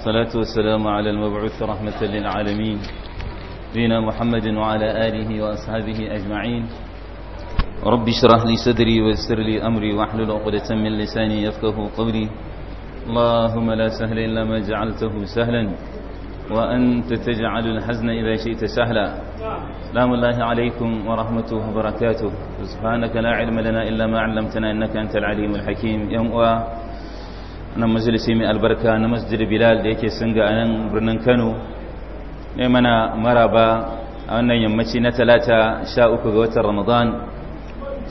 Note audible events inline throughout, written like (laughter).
الصلاة والسلام على المبعوث رحمة للعالمين بنا محمد وعلى آله وأصحابه أجمعين رب اشرح لي صدري ويسر لي أمري واحلل عقدة من لساني يفقه قولي اللهم لا سهل إلا ما جعلته سهلا وأنت تجعل الحزن إذا شئت سهلا سلام الله عليكم ورحمته وبركاته سبحانك لا علم لنا إلا ما علمتنا إنك أنت العليم الحكيم يوم nan majalisi mai albarka na masjid bilal da yake singa a nan birnin kano mai mana maraba a wannan yammaci na talata sha uku ga watan ramadan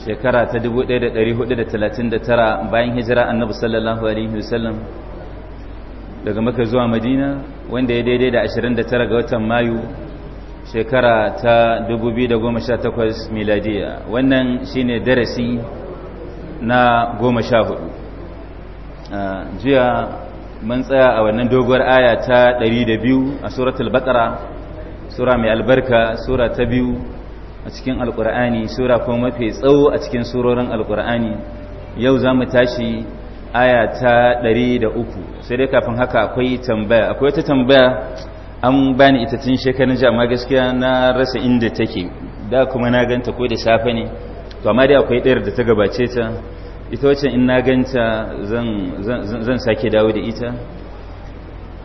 shekara ta 1439 bayan hijira annabi sallallahu alaihi wasallam daga maka zuwa madina wanda ya daidai da 29 ga watan mayu shekara ta 2018 miladiya wannan shine darasi na goma sha hudu Ah, jiya mun tsaya a wannan doguwar aya ta 102 a suratul baqara sura mai albarka sura ta biyu a cikin alkur'ani sura kuma mafi tsawo a cikin surorin alkur'ani yau za mu tashi aya ta 103 sai dai kafin haka akwai tambaya akwai wata tambaya an bani ita tun shekarun ji amma gaskiya na rasa inda take da kuma na ganta ko da safe ne to amma dai akwai ɗayar da ta gabace ta ita wacce in na ganta zan sake dawo da ita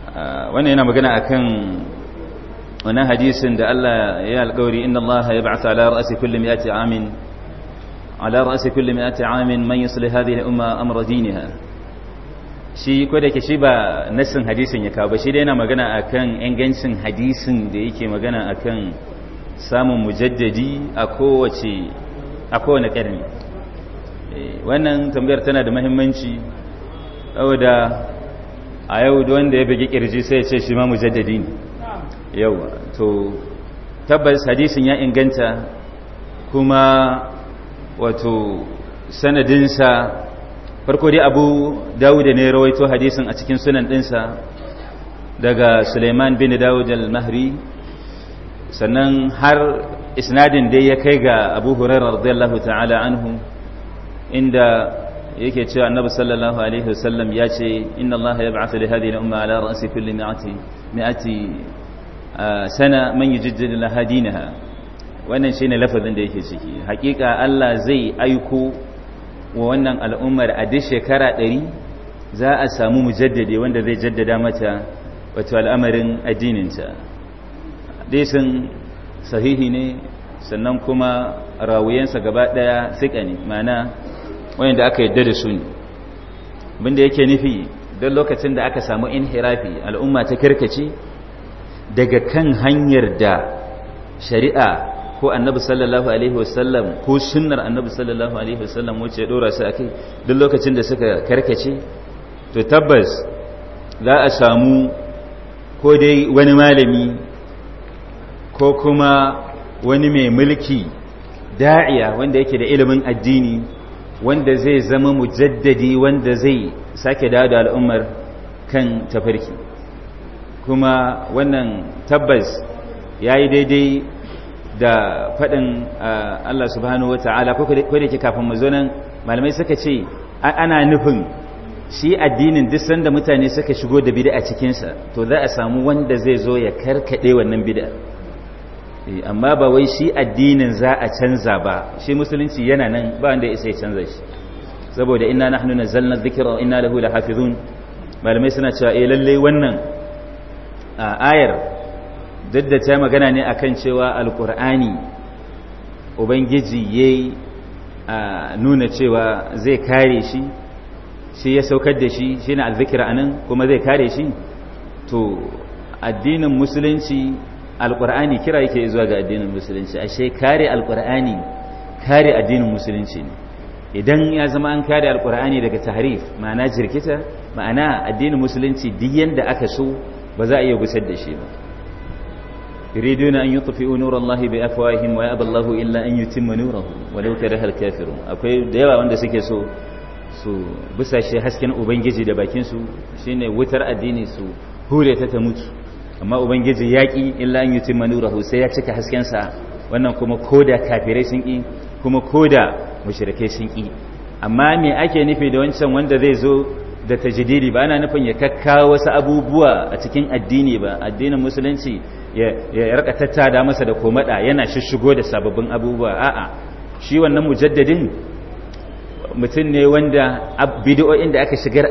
ah, wannan yana magana akan wannan hadisin da Allah ya alƙawari inna Allah ya ba'atha ala ra'si ya mi'ati amin ala ra'si ya mi'ati amin man yuslih hadhihi umma amra diniha shi ko da ke shi ba nassin hadisin ya kawo ba shi da yana magana akan ingancin hadisin da yake magana akan samun mujaddadi a kowace a kowane ƙarni Eh, wannan tambayar tana da mahimmanci saboda a yau da wanda ya bugi kirji sai ya ce shi ma mujaddadi ne yau to tabbas hadisin ya inganta kuma wato sanadinsa farko dai abu dawuda ne rawaito hadisin a cikin sunan ɗinsa daga suleiman bin dawud al-mahri sannan har isnadin dai ya kai ga abu hurairah radiyallahu ta'ala anhu inda yake cewa annabi sallallahu alaihi wasallam ya ce inna allaha yab'athu li hadhihi al-umma ala ra'si kulli mi'ati mi'ati sana man yujaddidu laha dinaha wannan shine lafazin da yake ciki hakika Allah zai aiko wa wannan al'ummar a duk shekara ɗari za a samu mujaddade wanda zai jaddada mata wato al'amarin addininta hadisin sahihi ne sannan kuma rawuyansa gaba ɗaya sika ne ma'ana wanda aka yadda da su ne abinda yake nufi don lokacin da aka samu inhirafi al'umma ta kirkaci daga kan hanyar da shari'a ko annabi sallallahu alaihi wasallam ko sunnar annabi sallallahu alaihi wasallam wacce ya dora su kai duk lokacin da suka karkace to tabbas za a samu ko dai wani malami ko kuma wani mai mulki da'iya wanda yake da ilimin addini wanda zai zama mujaddadi wanda zai sake dawo da al'ummar kan tafarki kuma wannan tabbas ya yi daidai da faɗin Allah subhanahu wa ta'ala ko da ke kafin mu zo nan malamai suka ce ana nufin shi addinin duk sanda mutane suka shigo da bid'a a cikinsa to za a samu wanda zai zo ya karkade wannan bid'a Eh, amma ba wai shi addinin za a canza ba shi musulunci yana nan ba wanda isa ya canza shi saboda inna nahnu nazzalna dhikra wa inna lahu lahafizun malamai suna cewa eh lalle wannan ayar dadda ta magana ne akan cewa alqur'ani ubangiji yayi nuna cewa zai kare shi shi ya saukar da shi shine a anan kuma zai kare shi to addinin musulunci alkur'ani kira yake zuwa ga addinin musulunci ashe kare alkur'ani kare addinin musulunci ne idan ya zama an kare alkur'ani daga tahrif ma'ana jirkita ma'ana addinin musulunci duk yanda aka so ba za a iya gusar da shi ba yuriduna an yutfi'u nurallahi bi afwahihim wa yaba Allahu illa an yutimma nurahu walau karaha kafirun akwai da yawa wanda suke so su busashe hasken ubangiji da bakin su shine wutar addini su hure ta ta mutu amma ubangiji ya ƙi illa an yutim manurahu sai ya cika hasken sa wannan kuma koda kafirai sun ƙi kuma koda mushrikai sun ƙi amma me ake nufi da wancan wanda zai zo da tajdidi ba ana nufin ya kakkawo wasu abubuwa a cikin addini ba addinin musulunci ya rika tattada masa da komada yana shishigo da sababbin abubuwa a'a shi wannan mujaddadin mutum ne wanda bidiyoyin da aka shigar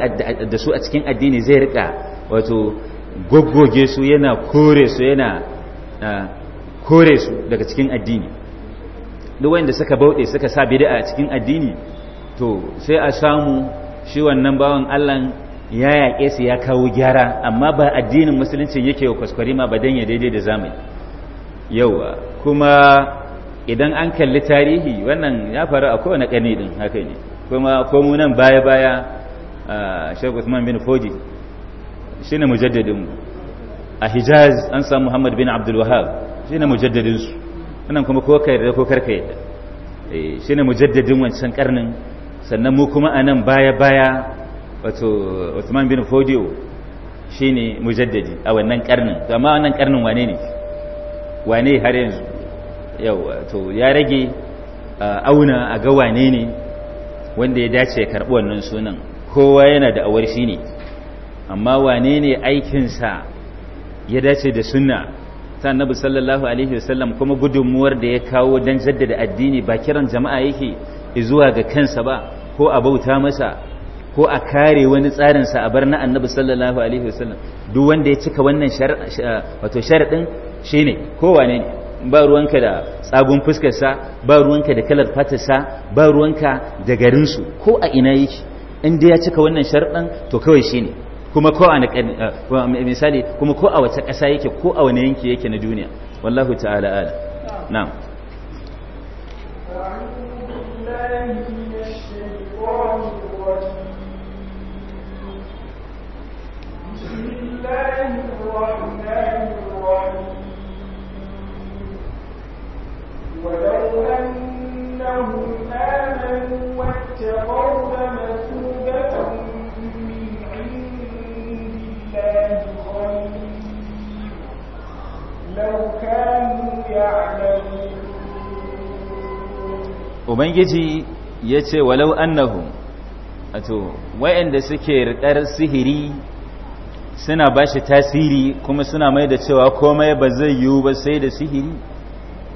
da su a cikin addini zai rika wato goggoge su yana kore su yana kore su daga cikin addini duk wanda suka bauɗe suka sa bid'a a cikin addini to sai a samu shi wannan bawan Allah ya yaƙe su ya kawo gyara amma ba addinin musulunci yake wa ma ba dan ya daidai da zamani yawa kuma idan an kalli tarihi wannan ya faru a kowane ƙani din haka ne kuma ko mu nan baya baya Sheikh bin Foji Shi mujaddadin mu a hijaz an samu muhammad bin abdul wahab ne mujaddadin su nan kuma ko kai da ko karka yadda eh ne mujaddadin wancan karnin sannan mu kuma anan baya baya wato Othman bin Fodio ne mujaddadi a wannan karnin to amma wannan karnin wane ne wane har yanzu yau to ya rage auna a ga wane ne wanda ya dace ya karbi wannan sunan kowa yana da awar shi ne amma wane ne aikinsa ya dace da sunna ta annabi sallallahu alaihi wasallam kuma gudunmuwar da ya kawo don jaddada addini ba kiran jama'a yake zuwa ga kansa ba ko a bauta masa ko a kare wani tsarinsa a bar na annabi sallallahu alaihi wasallam duk wanda ya cika wannan sharaɗin shi ne kowane ne ba ruwanka da tsagun fuskarsa ba ruwanka da kalar fatarsa ba ruwanka da garinsu ko a ina yake in dai ya cika wannan sharaɗin to kawai shi ne. kuma ko a eh, misali kuma ko a wace ƙasa yake ko a wani yanki yake na duniya wallahu ta'ala ala na'am بسم الله الرحمن ubangiji ya ce walau Annahu ato wa'anda suke riƙar sihiri suna ba shi tasiri kuma suna mai da cewa komai ba zai yiwu ba sai da sihiri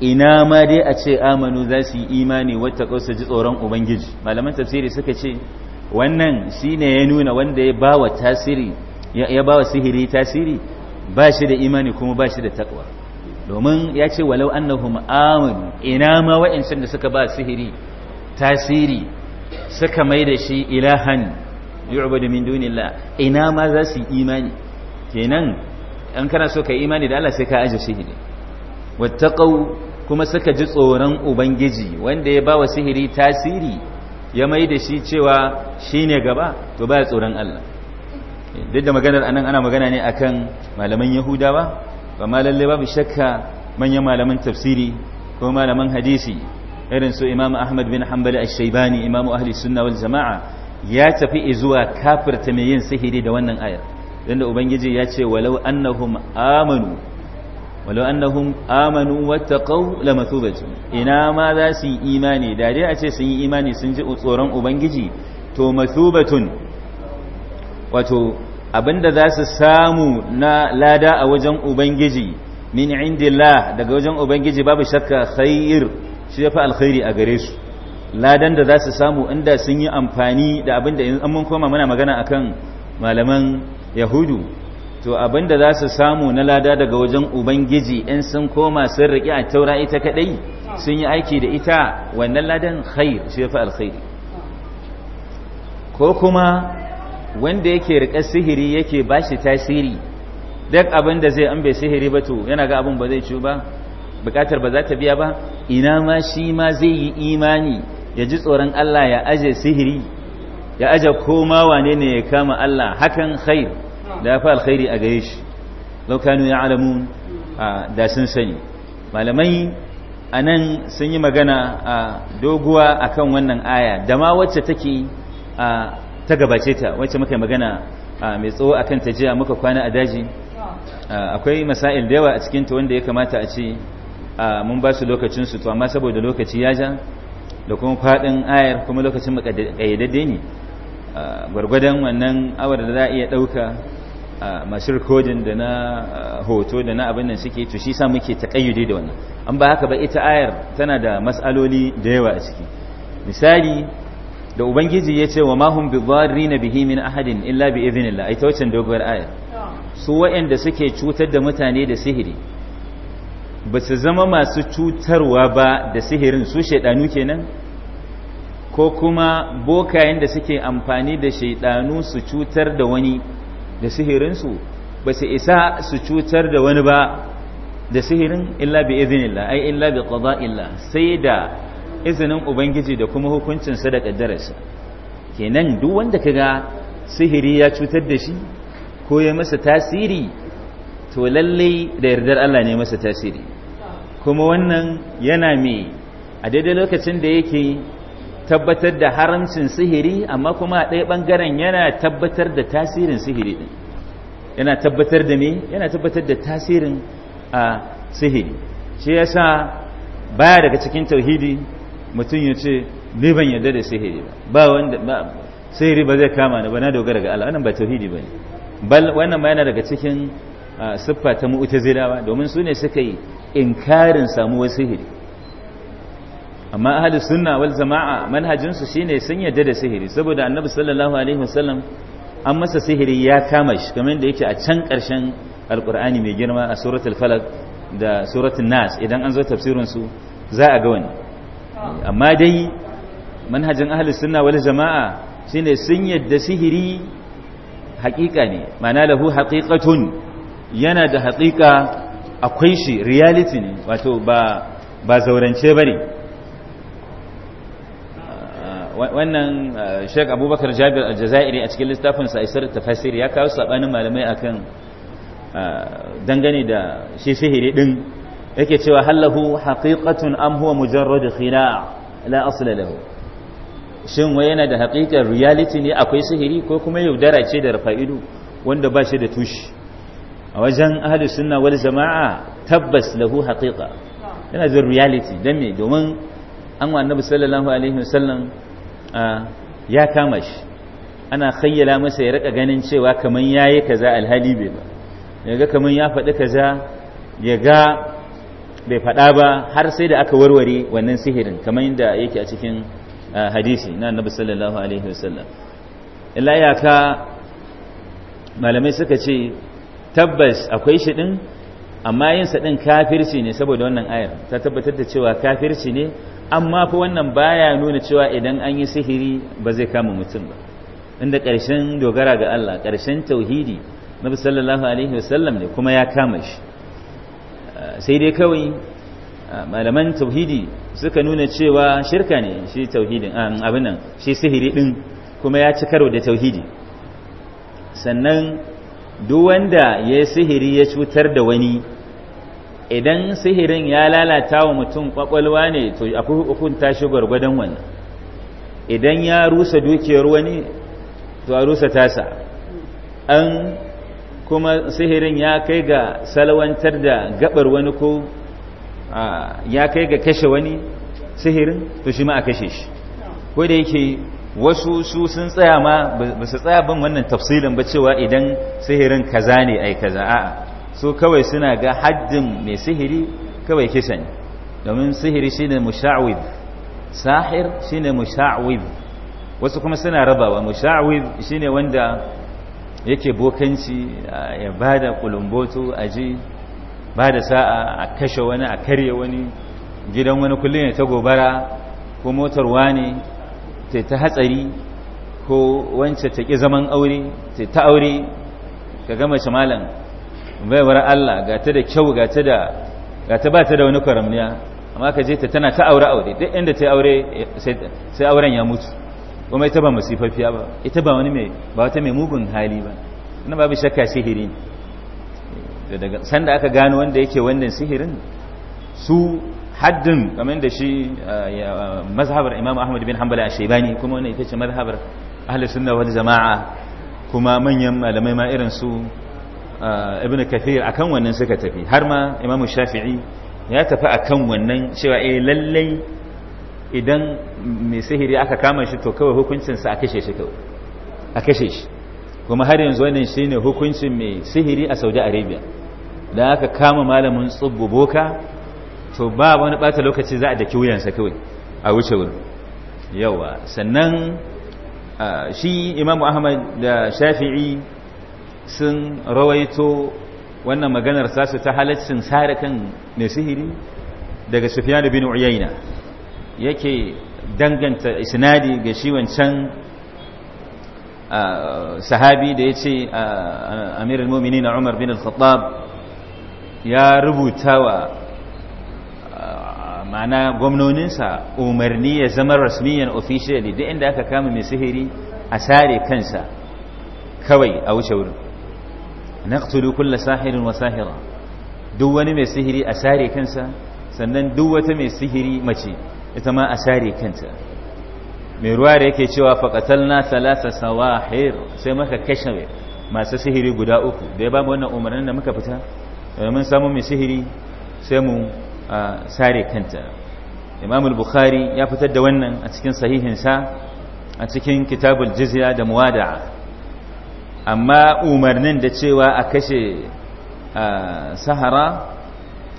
ina ma dai a ce amanu za su yi imani wata ƙausa ji tsoron ubangiji malaman tafsiri suka ce wannan shi ne ya nuna wanda ya ba wa tasiri ba sihiri tasiri ba shi da imani kuma ba shi da takwa domin ya ce walau annahum amanu ina ma wa'ancan da suka ba sihiri tasiri suka mai da shi ilahan yu'badu min dunillah ina ma za su imani kenan an kana so ka imani da Allah sai ka aje sihiri wattaqau kuma suka ji tsoron ubangiji wanda ya bawa sihiri tasiri ya mai da shi cewa shine gaba to baya tsoron Allah duk da maganar anan ana magana ne akan malaman yahudawa amma lalle babu shakka manyan malaman tafsiri ko malaman hadisi irin su imam ahmad bin hanbal ash-shaybani imam ahli sunna wal jamaa ya tafi zuwa kafirta mai yin sihiri da wannan ayar inda ubangiji ya ce walau annahum amanu walau annahum amanu wattaqaw lamathubatu ina ma za su yi imani da dai a ce sun yi imani sun ji tsoron ubangiji to mathubatun wato abinda za su samu na lada a wajen ubangiji min indillah daga wajen ubangiji babu shakka khair shi yafi alkhairi a gare su ladan da za su samu inda sun yi amfani da abinda in mun koma muna magana akan malaman yahudu to abinda za su samu na lada daga wajen ubangiji in sun koma sun riƙi a taura ita kaɗai, sun yi aiki da ita wannan ladan khair shi yafi alkhairi ko kuma wanda yake rika sihiri yake ba shi tasiri duk abin da zai an bai sihiri ba to yana ga abin ba zai ciwo ba bukatar ba za ta biya ba ina ma shi ma zai yi imani ya ji tsoron Allah ya aje sihiri ya aje koma wane ne ya kama Allah hakan khair da ya fi alkhairi a gare shi law ya alamu da sun sani malamai a nan sun yi magana a doguwa akan wannan aya da ma wacce take ta gabace ta wacce muka magana mai tsawo a ta jiya muka kwana a daji akwai masail da yawa a cikin ta wanda ya kamata a ce mun ba su lokacin to amma saboda lokaci ya ja da kuma fadin ayar kuma lokacin muka ƙayyadadde ne gwargwadon wannan awar da za a iya ɗauka masu rikodin da na hoto da na abin nan suke to shi sa muke takayyude da wannan an ba haka ba ita ayar tana da matsaloli da yawa a ciki misali da ubangiji ya ce wa mahum bi na bihi min ahadin illa bi idhnillah ai ta waccan doguwar aya su waɗanda suke cutar da mutane da sihiri ba su zama masu cutarwa ba da sihirin su shaidanu kenan ko kuma bokayen da suke amfani da shaidanu su cutar da wani da sihirinsu ba su isa su cutar da wani ba da sihirin illa bi idhnillah ai illa bi qada'illah sai da izinin ubangiji da kuma hukuncinsa da ƙaddararsa kenan duk wanda kaga sihiri ya cutar da shi ko ya masa tasiri to lallai da yardar Allah ne masa tasiri kuma wannan yana mai a daidai lokacin da yake tabbatar da haramcin sihiri amma kuma a ɗaya ɓangaren yana tabbatar da tasirin sihiri ɗin yana tabbatar da me yana tabbatar da tasirin a sihiri shi yasa baya daga cikin tauhidi mutum ya ce ni ban yarda da sihiri ba ba wanda ba sihiri ba zai kama ni ba na dogara ga Allah wannan ba tauhidi bane bal wannan ma yana daga cikin siffa ta mu'tazilawa domin su ne suka yi inkarin samuwar sihiri amma ahlus sunna wal jama'a manhajin su ne sun yarda da sihiri saboda annabi sallallahu alaihi wasallam an masa sihiri ya kama shi kamar yadda yake a can ƙarshen alqur'ani mai girma a suratul falaq da suratul nas idan an zo tafsirin su za a ga wani amma dai manhajin ahlus sunna wal jama'a shine sun yadda sihiri haƙiƙa ne mana lahu haqiqatun yana da haƙiƙa akwai shi reality ne wato ba ba zaurance bane wannan uh, Sheikh Abubakar Jabir Al-Jazairi a cikin littafin sa Isar Tafasir ya kawo sabanin malamai akan uh, dangane da shi sihiri din yake cewa hallahu haƙiƙatun am huwa da khina' la asla lahu shin wai yana da haƙiƙar reality ne akwai sihiri ko kuma yaudara ce da rafa'idu wanda ba shi da tushi a wajen ahli sunna wal jama'a tabbas lahu haƙiƙa yana da reality dan me domin an wa annabi sallallahu alaihi wasallam ya kama shi ana khayyala masa ya rika ganin cewa kaman yayi kaza alhali bai ba kaman ya faɗi kaza ya ga bai faɗa ba har sai da aka warware wannan sihirin kamar yadda yake a cikin uh, hadisi na annabi sallallahu alaihi wasallam illa yaka malamai suka ce tabbas akwai shi din amma yin sa din kafirci ne saboda wannan ayar ta tabbatar da cewa kafirci ne amma fa wannan baya nuna cewa idan an yi sihiri ba zai kama mutum ba inda ƙarshen dogara ga Allah ƙarshen tauhidi nabi sallallahu alaihi wasallam ne kuma ya kama shi sai dai kawai malaman tauhidi suka nuna cewa shirka ne shi tauhidin abin shi sihiri din kuma ya ci karo da tauhidi sannan duk wanda ya sihiri ya cutar da wani idan sihirin ya lalata wa mutum kwakwalwa ne to akwai hukunta shi gwargwadon wani idan ya rusa dukiyar wani to a rusa tasa an kuma sihirin ya kai ga salwantar da gabar wani ko ya kai ga kashe wani sihirin to shi ma a kashe shi ko da yake wasu su sun tsaya ma ba su tsaya ban wannan tafsilin ba cewa idan sihirin kaza ne ai kaza a'a so kawai suna ga haddin mai sihiri kawai kisan domin sihiri shine musha'wid sahir shine musha'wid wasu kuma suna rabawa musha'wid shine wanda yake bokanci ya ba da kulumboto a ji ba da sa'a a kashe wani a karye wani gidan wani kullum ya ta gobara ko motar wani ta ta hatsari ko wance ta ƙi zaman aure ta ta aure ka gama malam baiwar Allah ga ta da kyau ga ta ba ta da wani kwaramniya amma ka je ta tana ta aure aure duk inda ta aure sai auren ya mutu kuma ita ba masifafiya ba ita ba wani mai ba wata mai mugun hali ba ina babu shakka sihiri sanda aka gano wanda yake wannan sihirin su haddin kamar da shi mazhabar imam ahmad bin hanbal a shaibani kuma wani ita ce mazhabar ahli sunna wani jama'a kuma manyan malamai ma irin su ibn kathir akan wannan suka tafi har ma imam shafi'i ya tafi akan wannan cewa eh lallai idan mai sihiri aka kama shi to kawai hukuncinsa a kashe shi kawai a kashe shi kuma har yanzu wannan shine hukuncin mai sihiri a Saudi Arabia da aka kama malamin tsubbu boka to ba wani bata lokaci za a daki wuyansa kawai a wuce wurin yawa sannan shi Imam Ahmad da Shafi'i sun rawaito wannan maganar sasu ta halaccin sare kan mai sihiri daga Sufyan bin Uyayna yake danganta isnadi ga shi wancan sahabi da ya ce amir al-mumini umar bin al-khattab ya rubuta wa ma'ana gwamnoninsa umarni ya zama rasmiyan officially duk inda aka kama mai sihiri a sare kansa kawai a wuce wurin naqtulu kulla sahirin wa sahira duk wani mai sihiri a sare kansa sannan duk wata mai sihiri mace ita ma a share kanta mai ruwa da yake cewa na salasa sawahir sai maka kashe masu sihiri guda uku da ya ba mu wannan umarnin da muka fita eh, mun samu mai sihiri sai mu sare kanta Imamul bukhari ya fitar da wannan a cikin sahihinsa a cikin kitabul jizya da muwada amma umarnin da cewa a kashe sahara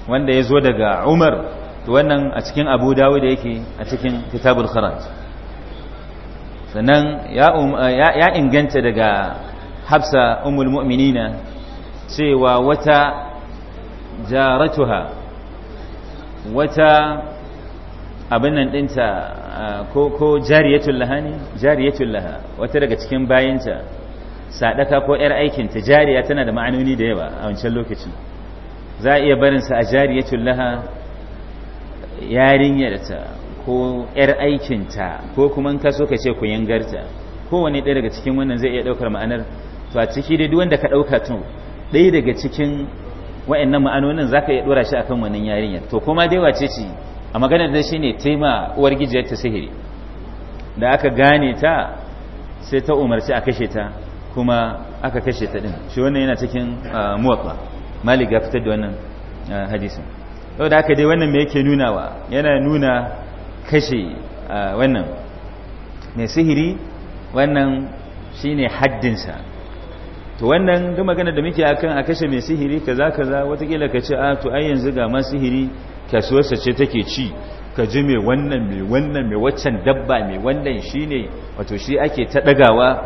wanda ya zo daga umar wannan a cikin abu dawud yake a cikin kitabul kharaj sannan ya um, eh, inganta daga hafsa umul mu'minina cewa wata jaratuha wata abin nan dinta eh, ko ko jariyatul laha ne jariyatul laha wata daga cikin bayanta sadaka ko yar aikin ta jariya tana da ma'anoni da yawa a wancan lokacin za a iya barinsa a jariyatul laha yarinyarta ko 'yar aikinta ko kuma ka so ka ce ku kuyangarta kowane ɗaya daga cikin wannan zai iya ɗaukar ma'anar to a ciki dai wanda ka ɗauka tun ɗaya daga cikin wa'annan ma'anonin za ka iya ɗora shi akan wannan yarinyar to kuma dai wace ce a maganar da shi ne taima uwar gijiyar ta sihiri da aka gane ta sai ta umarci a kashe ta kuma aka kashe ta ɗin shi wannan yana cikin ah, muwaƙa malik ya fitar da wannan ah, hadisin da aka dai wannan me yake nunawa yana nuna kashe wannan mai sihiri wannan shine haddinsa to wannan duk magana da muke akan a kashe mai sihiri kaza kaza watakila ka ce a to ai yanzu ga ma sihiri kasuwarsa ce take ci ka ji mai wannan mai wannan mai waccan dabba mai wannan shine wato shi ake ta dagawa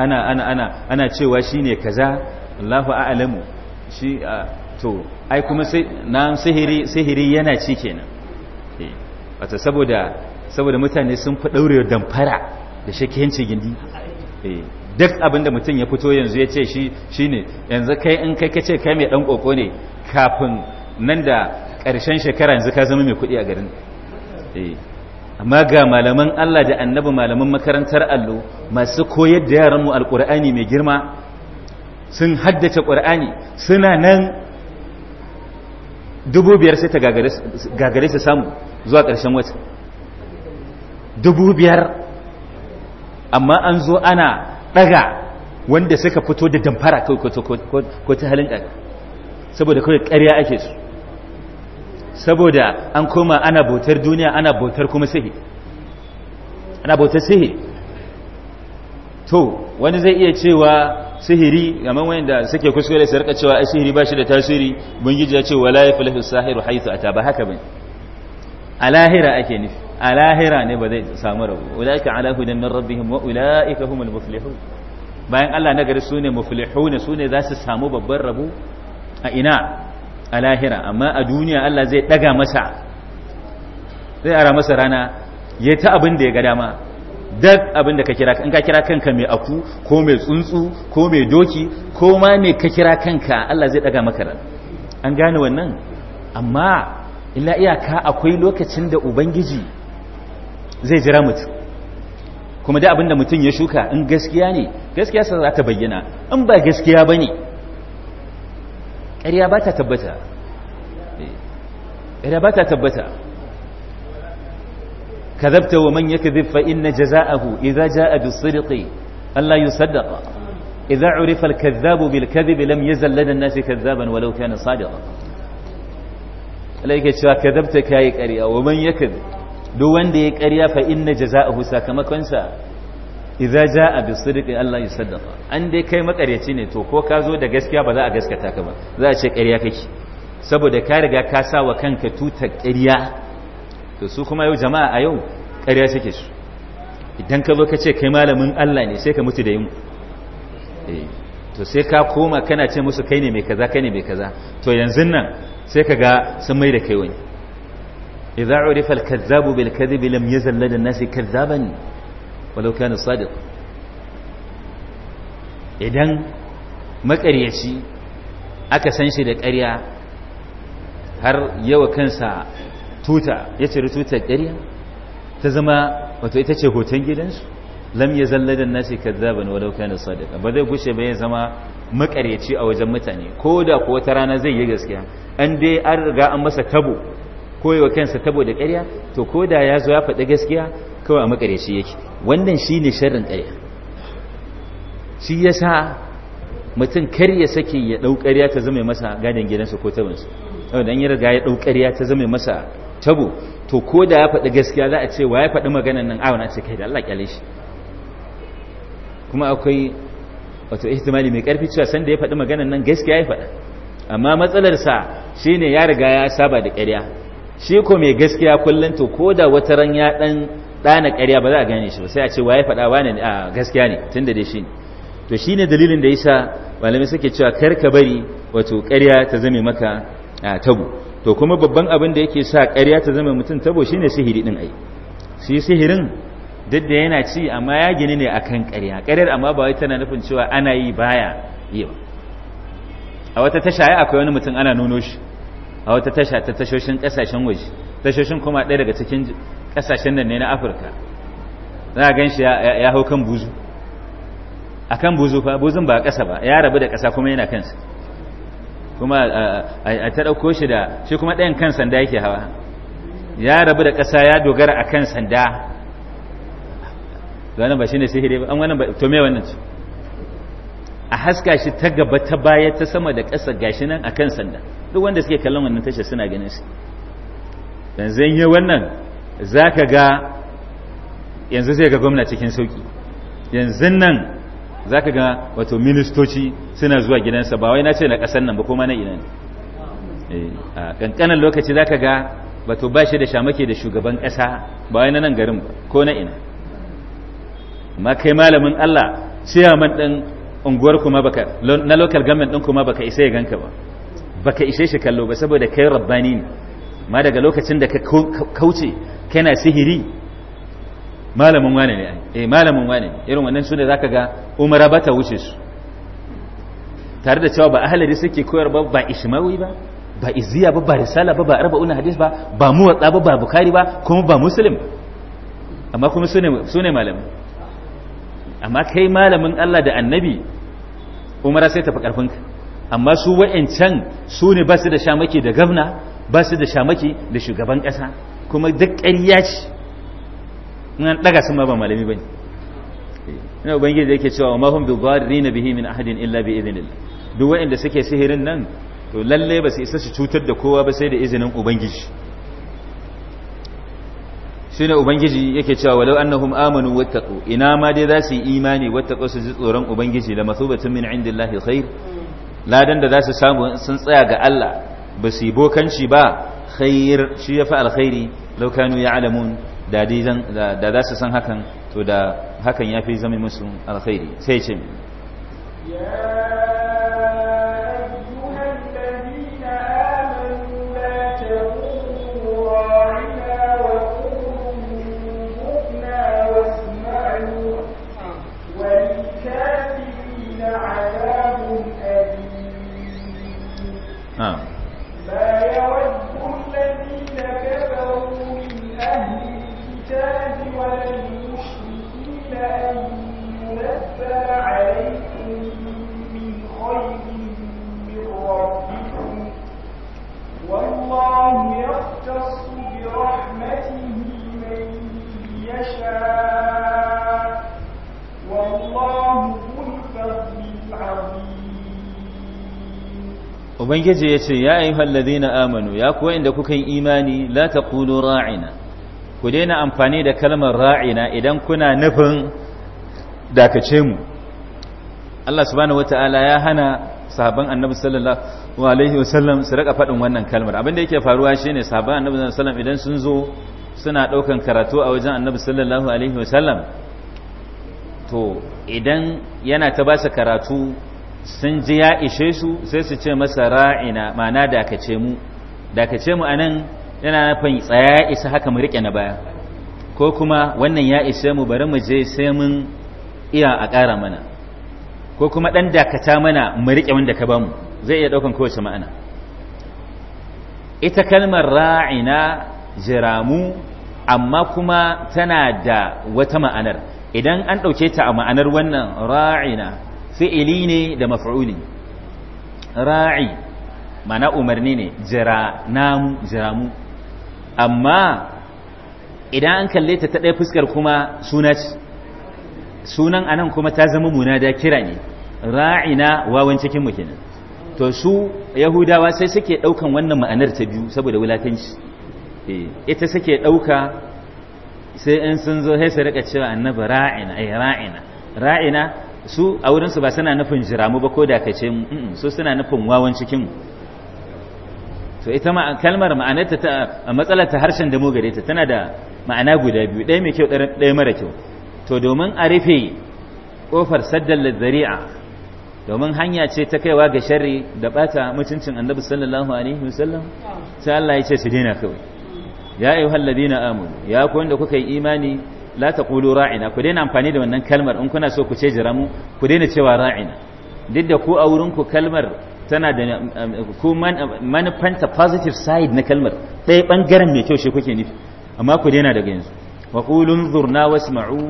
ana ana ana ana cewa shine kaza Allahu a'lamu shi to ai kuma na sihiri yana ci kenan eh, wata saboda saboda mutane sun fi daure damfara da shakiyanci gindi eh, duk abinda mutum ya fito yanzu ya ce shi shine yanzu kai in kai kace kai mai dan koko ne kafin nan da karshen shekara yanzu ka zama mai kuɗi a garin eh, amma ga malaman Allah da annabi malaman makarantar allo masu koyar da yaranmu alƙur'ani mai girma sun haddace ƙur'ani suna nan dubu biyar sai ta gagare su samu zuwa ƙarshen wata dubu biyar amma an zo ana ɗaga wanda suka fito da damfara ko ta halin ɗaga saboda kawai ƙarya ake su saboda an koma ana bautar duniya ana bautar kuma sihi ana bautar sihi to wani zai iya cewa sihiri kamar wanda suke kuskure su rika cewa ai sihiri bashi da tasiri bungiji ya ce wala yaflahu sahiru haythu ata ba haka bane alahira ake nufi alahira ne ba zai samu rabu ulaika ala hudan min rabbihim wa ulaika humul muflihun bayan Allah na gari sune muflihun sune za su samu babban rabu a ina alahira amma a duniya Allah zai daga masa zai ara masa rana ya ta abin da ya ga dama duk abin da ka kira in ka kira kanka mai aku ko mai tsuntsu ko mai doki ko ma mai ka kira kanka Allah zai daga maka ran an gane wannan amma illa iyaka akwai lokacin da ubangiji zai jira mutum kuma da abin da mutum ya shuka in gaskiya ne gaskiya sa za ta bayyana in ba gaskiya ba ne ƙarya ba ta tabbata eh, ƙarya ba ta tabbata kadhabta a man yakdhib fa inna jazaahu idza jaa bis-sidqi alla yusaddaqa idza urifa al-kadhdhabu bil-kadhib lam yazal lada an-nasi kadhaban walau kana sadiqan alaika cewa kadhabta kai ƙarya wa man yakdhib duk wanda ya ƙarya fa inna jazaahu sakamakonsa kai makaryaci ne to ko ka zo da gaskiya ba za a gaskata ka ba za a ce ƙarya kake saboda ka riga ka sa wa kanka tutar ƙarya to su kuma yau jama'a a yau ƙarya suke su idan ka zo ka ce kai malamin Allah ne sai ka mutu da yin eh, to sai ka koma kana ce musu kai ne mai kaza kai ne mai kaza to yanzu nan sai ka ga sun mai da kai wani idza urifa al-kazzabu bil kadhibi lam yazal an nasi kazzaban walau kana sadiq idan makaryaci aka san shi da ƙarya har yawa kansa tuta ya ciri tutar ƙarya ta zama wato ita ce hoton gidansu lam ya zalla da nasi kazzaban walau kana sadiqa ba zai gushe ba ya zama makaryaci a wajen mutane ko da ko wata rana zai yi gaskiya an dai an riga an masa tabo ko wa kansa tabo da ƙarya to ko da ya zo ya faɗi gaskiya kawai a makaryaci yake wannan shi ne sharrin ƙarya shi ya sa mutum kar ya sake ya ɗau ƙarya ta zama masa gadin gidansa ko tabinsa saboda an yi riga ya ɗau ƙarya ta zama masa tabo to ko da ya faɗi gaskiya za a ce wa ya faɗi maganan nan awon a ce kai da Allah kyale shi kuma akwai wato ihtimali mai karfi cewa sanda ya faɗi maganan nan gaskiya ya faɗa amma matsalar sa shine ya riga ya saba da ƙarya shi ko mai gaskiya kullun to ko da wata ran ya dan dana ƙarya ba za a gane shi ba sai a ce wa ya faɗa wa ne a gaskiya ne tunda dai shi ne to shine dalilin da yasa malamai suke cewa kar ka bari wato ƙarya ta zame maka tabu to kuma babban abin da yake sa ƙarya ta zama mutum tabo ne sihiri ɗin ai shi sihirin duk da yana ci amma ya gini ne akan ƙarya ƙaryar amma ba wai tana nufin cewa ana yi baya yi ba a wata tasha ya akwai wani mutum ana nuno shi a wata tasha ta tashoshin ƙasashen waje tashoshin kuma ɗaya daga cikin ƙasashen nan ne na afirka za a gan shi ya hau kan buzu a kan buzu fa buzun ba ƙasa ba ya rabu da ƙasa kuma yana kansa kuma a ta ɗauko shi da shi kuma ɗayan kan sanda yake hawa ya rabu da ƙasa ya dogara a kan sanda wannan ba shi ne sihiri ba an wannan ba tome wannan ce a haska shi ta gaba ta baya ta sama da ƙasa gashi nan a kan sanda duk wanda suke kallon wannan tashi suna ganin shi yanzu yi wannan za ka ga yanzu zai ga gwamna cikin sauƙi yanzu nan za ka ga wato ministoci suna zuwa gidansa ba wai na ce na ƙasar nan ba kuma na ina ne eh, a kankanin lokaci za ka ga wato ba shi da shamake da shugaban ƙasa ba wai na nan garin ba ko na ina ma kai malamin Allah ciyaman ɗin unguwar kuma baka na local government ɗin kuma baka isa ya ganka ba baka ishe shi kallo ba saboda kai rabbani ne ma daga lokacin da ka kauce kana sihiri malamin wane ne eh malamin wane irin wannan su zaka ga umara ba ta wuce su tare da cewa ba ahlari suke koyar ba ba ishmawi ba ba iziya ba ba risala ba ba arba'un hadis ba ba muwatsa ba ba bukari ba kuma ba muslim amma kuma sune ne malamin amma kai malamin Allah da annabi umara sai tafi ka. amma su wa'ancan su ne ba su da shamaki da gabna ba su da shamaki da shugaban kasa kuma duk ƙarya ce mun daga sun ma ba malami bane ina ubangiji yake cewa ma hum bi bihi min ahadin illa bi idhnillah duk waɗanda suke sihirin nan to lalle ba su isa su cutar da kowa ba sai da izinin ubangiji shi ne ubangiji yake cewa walau annahum amanu wattaqu ina ma dai za su yi imani wattaqu su ji tsoron ubangiji la mathubatun min indillahi khair ladan da za su samu sun tsaya ga Allah ba su yi bokanci ba khair shi yafi alkhairi law kanu ya'lamun da da za san hakan to da hakan ya fi zama musu alkhairi sai ce الكتاب وللمشركين أن ينزل عليكم من خير من ربكم والله يختص برحمته من يشاء والله ذو الفضل العظيم Ubangiji ya ce, “Ya ayyuhal ladina amanu, ya kuwa inda kuka yi imani, la ta ra'ina, ku daina amfani da kalmar ra'ina idan kuna nufin dakace mu Allah subhanahu wata'ala ya hana sahabban annabi sallallahu alaihi wasallam su raka faɗin wannan kalmar abinda yake faruwa shine sahabban annabi sallallahu alaihi wasallam idan sun zo suna ɗaukan karatu a wajen annabi sallallahu alaihi wasallam to idan yana ta ba karatu sun ji ya ishe su sai su ce masa ra'ina ma'ana dakace mu dakace mu anan yana nufin tsaya isa haka mu riƙe na baya ko kuma wannan ya isa mu bari mu je sai mun iya a ƙara mana ko kuma ɗan dakata mana mu riƙe wanda ka bamu zai iya ɗaukan kowace ma'ana ita kalmar ra'ina jiramu amma kuma tana da wata ma'anar idan an ɗauke ta a ma'anar wannan ra'ina fi'ili ne da maf'uli ra'i mana umarni ne jira namu jiramu amma idan an kalle ta ta ɗaya fuskar kuma suna ce sunan anan kuma ta zama munada kira ne ra'ina wawan cikin mu kenan to su yahudawa sai suke ɗaukan wannan ma'anar ta biyu saboda wulakanci eh, ita suke ɗauka sai in sun zo sai su rika cewa annabi ra'ina ai eh, ra'ina ra'ina su a wurinsu ba suna nufin jiramu ba ko da kace su suna nufin wawan cikin To ita ma kalmar ma'anarta ta matsalar ta harshen da mu gare ta tana da ma'ana guda biyu ɗaya mai kyau ɗaya mara kyau to domin a rufe ƙofar saddar zari'a domin hanya ce ta kaiwa ga sharri da bata mutuncin annabi sallallahu alaihi wasallam sai Allah ya ce su daina kawai ya ayu halladina amanu ya ku wanda kuka yi imani la taqulu ra'ina ku daina amfani da wannan kalmar in kuna so ku ce jiramu ku daina cewa ra'ina duk da ku a wurin ku kalmar tana da ko manufanta positive side na kalmar ɗaya ɓangaren mai kyau shi kuke nufi amma ku daina daga yanzu wa qulun zurna ma'u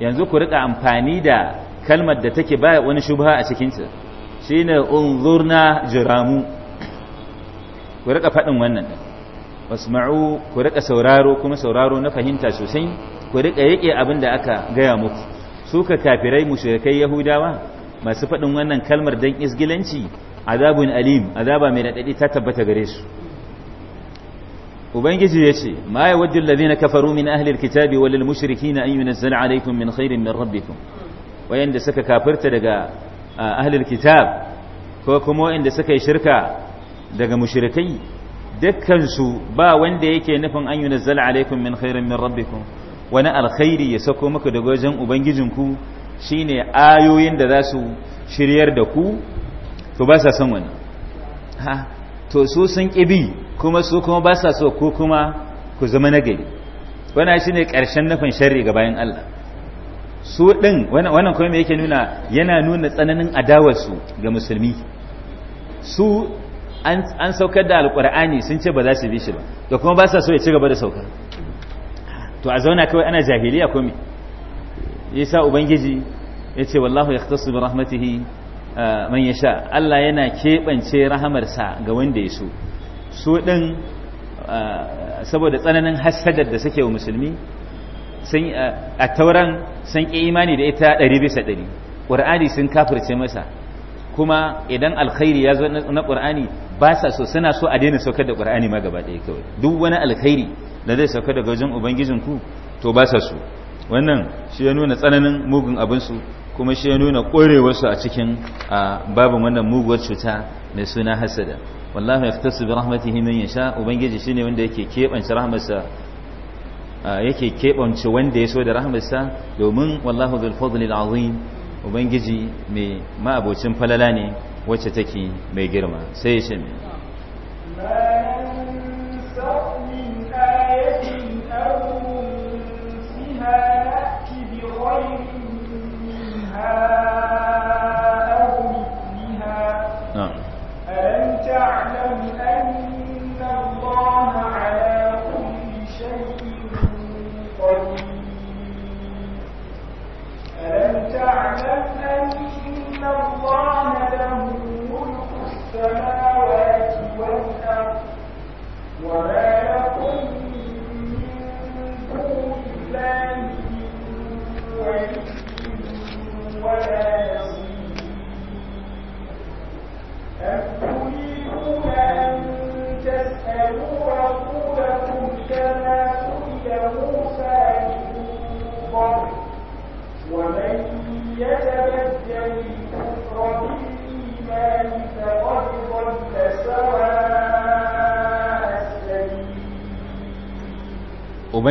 yanzu ku riƙa amfani da kalmar da take ba wani shubha a cikinta. ta shine unzurna jiramu ku riƙa faɗin wannan wasu ma'u ku riƙa sauraro kuma sauraro na fahimta sosai ku riƙa yake abin da aka gaya muku suka kafirai mushrikai yahudawa masu faɗin wannan kalmar don isgilanci azabun alim azaba mai raɗaɗi ta tabbata gare su ubangiji ya ce ma ya waddu allazina kafaru min kitabi alkitabi wal na an yunzala alaykum min khairin min rabbikum wayanda suka kafirta daga ahli kitab ko kuma wayanda suka yi shirka daga mushrikai dukkan su ba wanda yake nufin an yunzala alaykum min khairin min rabbikum wani alkhairi ya sako muku daga wajen ubangijinku shine ayoyin da za su shiryar da ku to ba sa son wani ha to su sun ƙibi kuma su kuma ba sa so ko kuma ku zama nagari wana shi ne ƙarshen nufin shari ga bayan Allah su ɗin wannan kuma me yake nuna yana nuna tsananin adawarsu ga musulmi su an saukar da alƙur'ani sun ce ba za su bi shi ba da kuma ba sa so ya ci gaba da sauka to a zauna kawai ana jahiliya ko me yasa ubangiji yace wallahu yahtassu bi rahmatihi Eh, man ya sha Allah yana keɓance rahamarsa ga wanda ya so su ɗin eh, saboda tsananin hassadar da suke wa musulmi eh, a tauran san ƙi imani da ita ɗari bisa ɗari ƙur'ani sun kafirce masa kuma idan alkhairi ya zo na ƙwar'ani ba sa so suna so a daina saukar da ƙwar'ani ma gaba ɗaya kawai duk wani alkhairi da zai saukar da gajin ubangijinku to ba sa so wannan shi ya nuna tsananin mugun abinsu kuma shi ya nuna kwarewarsu a cikin babu wannan muguwar cuta mai suna hasada wallahu ya su bi rahmatihi ya yasha ubangiji shi ne wanda yake keɓance rahmarsa yake keɓance wanda ya so da rahmarsa domin wallahu dhul fadli azim ubangiji mai ma'abocin falala ne wacce take mai girma sai ya shi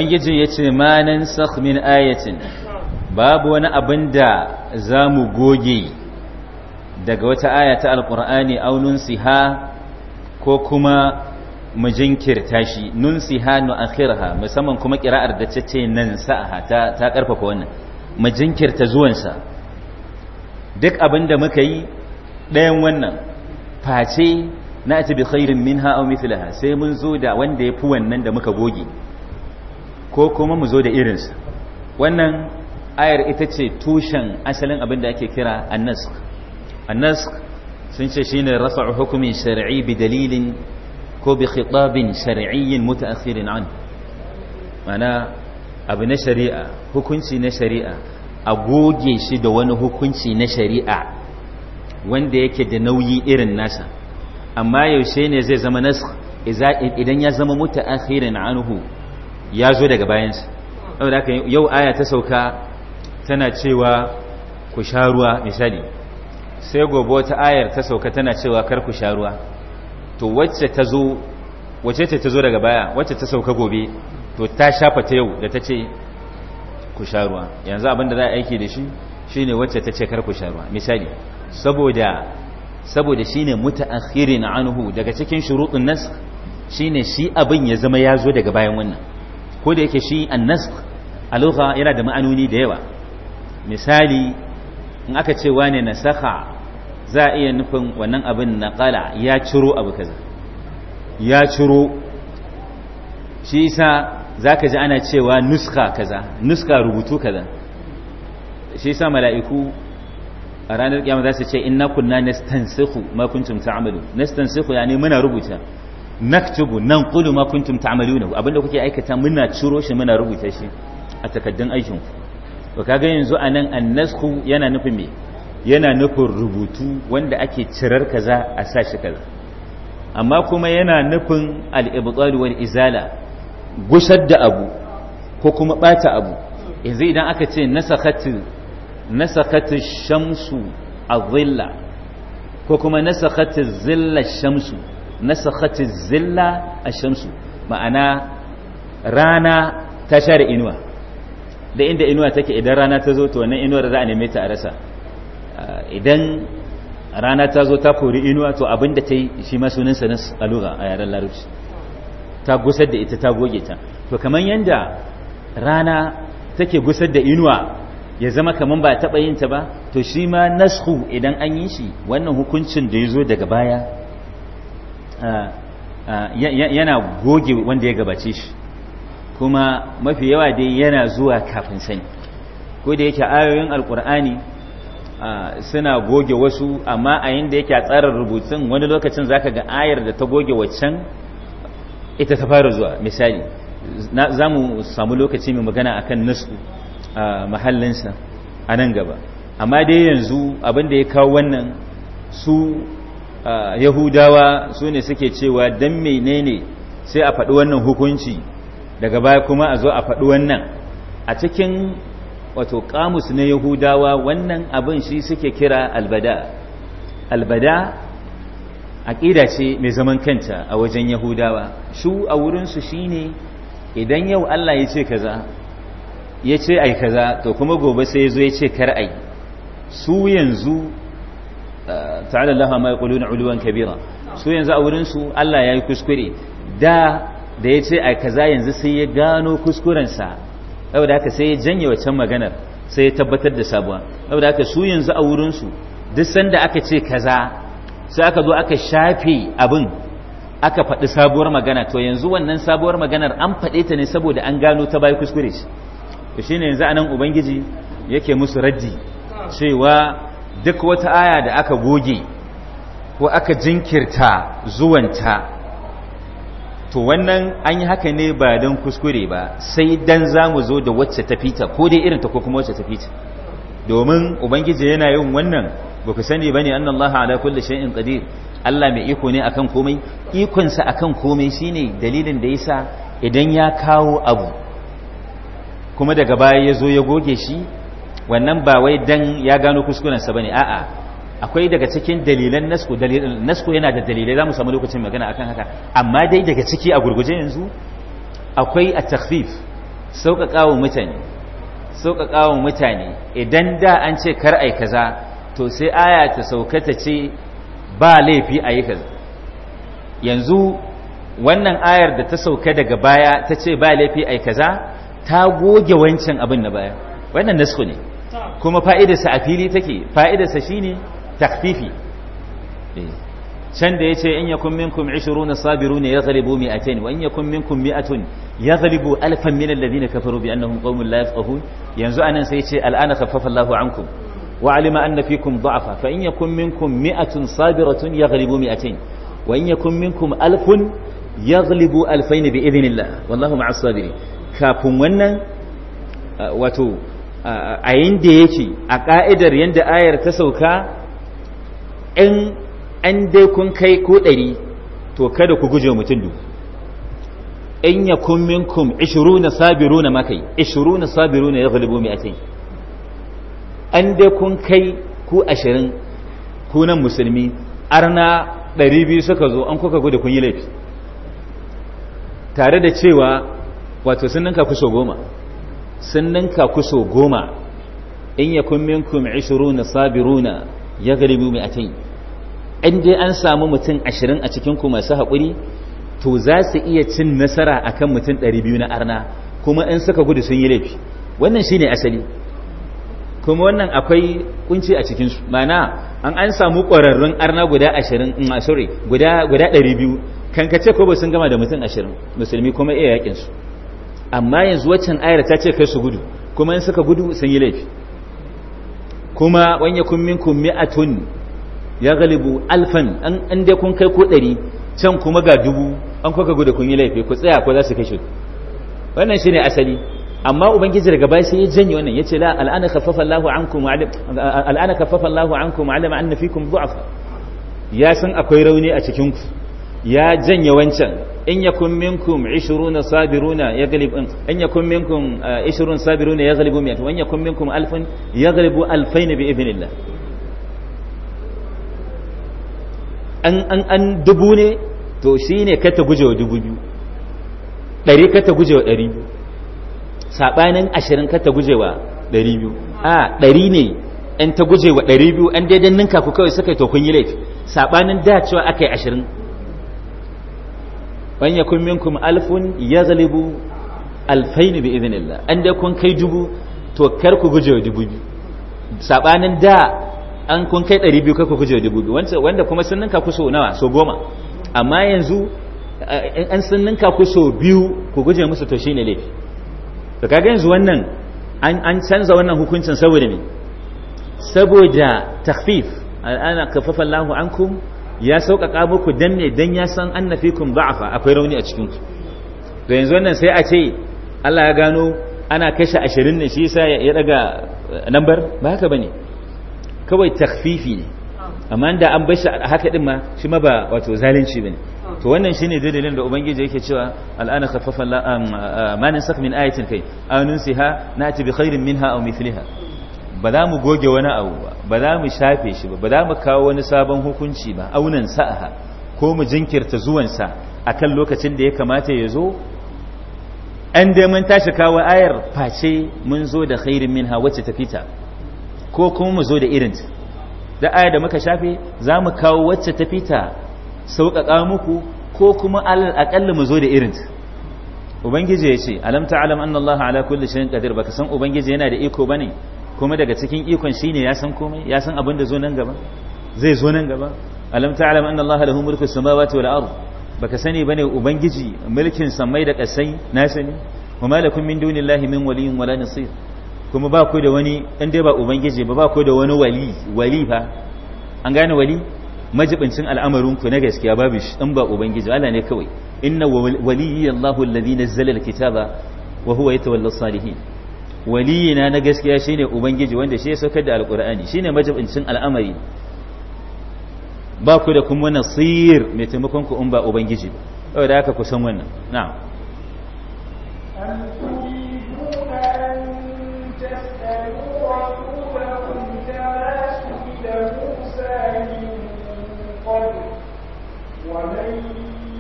ubangiji ya ce manan min ayatin babu wani abin da za mu goge daga wata aya ta alƙur'ani aunin siha ko kuma mu jinkirta shi nun siha nu akhirha musamman kuma kira'ar da ta ce nan sa'aha ta ƙarfafa wannan mu jinkirta zuwansa duk abin da muka yi ɗayan wannan face na ati bi khairin minha aw mithlaha sai mun zo da wanda yafi wannan da muka goge ko kuma mu zo da irinsa wannan ayar ita ce tushen asalin abin da ake kira annask annask sun ce shine rafa'u hukumin shar'i bi dalilin ko bi khitabin shar'iyyin mutaakhirin an mana abu na shari'a hukunci na shari'a a goge shi da wani hukunci na shari'a wanda yake da nauyi irin nasa amma yaushe ne zai zama nask idan ya zama mutaakhirin anhu ya zo daga bayansa saboda haka yau aya ta sauka tana cewa ku sha ruwa misali sai gobe wata ayar ta sauka tana cewa kar ku sha ruwa to wacce ta zo wacce ta zo daga baya wacce ta sauka gobe to ta shafa ta yau da ta ce ku sha ruwa yanzu abin da za a aiki da shi shine wacce ta ce kar ku sha ruwa misali saboda saboda shine mutaakhirin anhu daga cikin shuruɗin nas shine shi abin ya zama ya zo daga bayan wannan ko da yake shi annas a lokha yana da ma'anoni da yawa misali in aka ce wane nasakha za a iya nufin wannan abin na kala ya ciro abu kaza ya ciro shi isa ka ji ana cewa nuska kaza nuska rubutu kaza shi isa mala'iku a ranar kiyama za su ce inna kunna nastansikhu ma kuntum ta'malu ya ne muna rubuta naktubu nan qulu ma kuntum ta'maluna abinda kuke aikata muna ciro shi muna rubuta shi a takaddun aikin ku to kaga yanzu anan annasku yana nufin me yana nufin rubutu wanda ake cirar kaza a sashi kaza amma kuma yana nufin al-ibtal izala gushar da abu ko kuma bata abu yanzu idan aka ce nasakhatu nasakhatu shamsu adh ko kuma nasakhatu zilla shamsu nasakhati zilla ash-shamsu ma'ana rana ta share inuwa da inda inuwa take idan rana ta zo to wannan inuwar za a neme ta a rasa idan rana ta zo ta kori inuwa to abin da ta yi shi ma sunansa na aluga a yaren larabci ta gusar da ita ta goge ta to kamar yadda rana take gusar da inuwa ya zama kamar ba taɓa yin ta ba to shi ma nasku idan an yi shi wannan hukuncin da ya zo daga baya Eh, eh, yana goge wanda ya gabace shi kuma mafi yawa dai yana zuwa kafin sani ko da yake ayoyin alkur'ani eh, suna goge wasu amma a yadda yake a tsarin rubutun wani lokacin zaka ga ayar da ta goge waccan ita ta fara zuwa misali za mu samu lokaci mai magana a kan nasu mahallinsa a nan gaba amma dai yanzu abinda ya kawo wannan su yahudawa su ne suke cewa don menene sai a faɗi wannan hukunci daga baya kuma a zo a faɗi wannan a cikin wato kamus na yahudawa wannan abin shi suke kira albada albada aƙida ce mai zaman kanta a wajen yahudawa shu a wurinsu shine idan yau allah ya ce kaza ya ce ai kaza to kuma gobe sai ya zo ya ce kar ai su yanzu ta'ala laha ma yaquluna uluwan kabira su yanzu a wurin su Allah yayi kuskure da da yace ai kaza yanzu sai ya gano kuskuren sa saboda haka sai ya janye wancan maganar sai ya tabbatar da sabuwa saboda haka su yanzu a wurin su duk sanda aka ce kaza sai aka zo aka shafe abin aka faɗi sabuwar magana to yanzu wannan sabuwar maganar an faɗe ta ne saboda an gano ta bayi kuskure shi shine yanzu anan ubangiji yake musu raddi cewa duk wata aya da aka goge ko aka jinkirta zuwanta to wannan an yi haka ne ba don kuskure ba sai dan za mu zo da wacce ta fita ko dai irinta ko kuma wacce ta fita domin ubangiji yana yin wannan ba ku sani ba ne an Allah ala kulli shay'in qadir Allah mai iko ne akan komai ikonsa akan komai shine dalilin da yasa idan ya kawo abu kuma daga baya ya zo ya goge shi wannan ba wai dan ya gano kuskurensa bane a'a akwai daga cikin dalilan nasku dalilan nasku yana da dalilai zamu samu lokacin magana akan haka amma dai daga ciki a gurguje yanzu akwai a takhfif sauƙaƙawa mutane sauƙaƙawa mutane idan da an ce kar ai kaza to sai aya ta sauka ta ce ba laifi yi kaza yanzu wannan ayar da ta sauka daga baya ta ce ba laifi ai kaza ta goge wancan abin na baya wannan nasku ne kuma fa'idarsa a fili take fa'idarsa shine takfifi eh, can da yace in yakun minkum 20 sabirun wa in yakun minkum alfan kafaru bi la yanzu anan sai yace al'ana khaffafa Allahu ankum wa alima anna fikum da'afa fa in yakun minkum mi'atun sabiratun wa in yakun minkum alfun bi idhnillah wallahu ma'as sabirin kafin wannan wato a ya yake a ƙa'idar yadda ayar ta sauka in an dai kun kai ko ɗari to kada ku guje mutum duk in ya kun minkum sabiru na makai na sabiru na ya galibu mai ake an dai kun kai ku ashirin kunan musulmi arna ɗari biyu suka zo an kuka gudu kun yi laifi tare da cewa wato sun ninka so goma sun ninka kuso goma in ya kun minkum 20 sabiruna yaghlibu mi'atayn in dai an samu mutum ashirin a cikin ku masu haƙuri to za su iya cin nasara kan mutum biyu na arna kuma in suka gudu sun yi laifi wannan shine asali kuma wannan akwai kunci a cikin mana an an samu ƙwararrun arna guda 20 mm, sorry guda ɗari biyu kankace ko ba sun gama da mutum ashirin. musulmi kuma iya yaƙinsu. amma yanzu waccan ayar ta ce kai su gudu kuma in suka gudu sun yi laifi kuma wanya kun minkum mi'atun ya galibu alfan an an dai kun kai ko ɗari can kuma ga dubu an kuka gudu kun yi laifi ku tsaya ko za su kai shi wannan shine asali amma ubangiji daga baya sai ya janye wannan yace la al'ana khaffafa Allahu ankum alim al'ana khaffafa Allahu ankum anna fikum du'afa ya san akwai rauni a cikin ku ya janye wancan in yakun minkum 20 sabiruna yaglib in yakun minkum 20 uh, sabiruna yaglibu 100 wa in yakun minkum 1000 yaglibu 2000 bi idhnillah an an an dubu ne to shine ka ta gujewa dubu biyu ɗari ka ta gujewa ɗari biyu saɓanin ashirin ka ta gujewa ɗari biyu a ɗari ne an ta gujewa ɗari biyu an daidai ninka ku kawai suka yi to kun yi laifi saɓanin da cewa aka yi ashirin ban yakun minkum alfun yaghlibu alfaini bi idhnillah an da kun kai dubu to kar ku guje dubu biyu sabanin da an kun kai 200 kar ku guje dubu biyu wanda wanda kuma sun ninka ku so nawa so goma amma yanzu eh, an sun ninka ku so biyu ku guje musu to shine laifi to kaga yanzu wannan an canza wannan hukuncin saboda me saboda takhfif al'ana kafafa Allahu ankum ya sauƙaƙa muku dan ne dan ya san anna fikum da'afa akwai rauni a cikin ku to yanzu wannan sai a ce Allah ya gano ana kashe 20 ne shi yasa ya daga number eh, ba haka bane kawai takhfifi ne amma da an bashi shi haka din ma shi ma ba wato zalunci bane to wannan shine dalilin da ubangiji yake cewa al'ana khaffafa ma nasakh min ayatin kai anunsiha na'ti bi khairin minha aw mithliha ba za mu goge wani abu ba ba za mu shafe shi ba ba za mu kawo wani sabon hukunci ba aunan sa'aha ko mu jinkirta zuwansa a kan lokacin da ya kamata ya zo an dai mun tashi kawo ayar face mun zo da khairin minha wacce ta fita ko kuma mu zo da irinta da ayar da muka shafe za mu kawo wacce tafita fita sauƙaƙa muku ko kuma alal aƙalla mu zo da irinta ubangiji ya ce alam ta'alam anna Allah ala kulli shay'in qadir baka san ubangiji yana da iko bane kuma daga cikin ikon shine ya san komai ya san abin da zo nan gaba zai zo nan gaba alam ta'lam anna allaha lahu mulku samawati wal ard baka sani bane ubangiji mulkin samai da kasai na sani wa malakum min dunillahi min waliyyin wala nasir kuma ba ku da wani in dai ba ubangiji ba ba ku da wani wali wali fa an gane wali majibincin al'amarin ku na gaskiya babu shi in ba ubangiji Allah ne kawai inna waliyyi allahu alladhi nazzala alkitaba wa huwa yatawalla salihin waliyina na gaskiya shine ubangiji wanda shi ya saukar da alkur'ani shine majibincin al'amari ba ku da kuma nasir mai taimakon ku in ba ubangiji ba saboda haka ku san wannan na'am ومن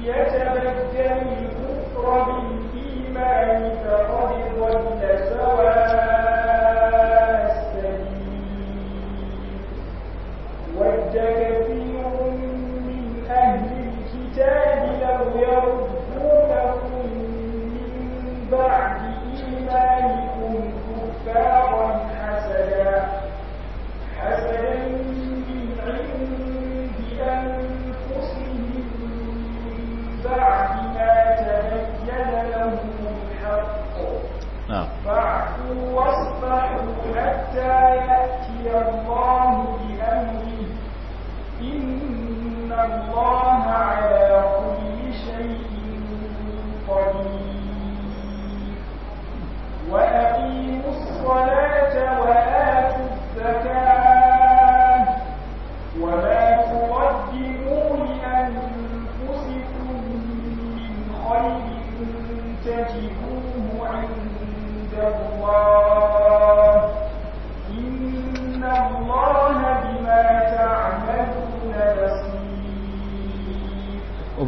يتبدل الكفر بالإيمان فقد away.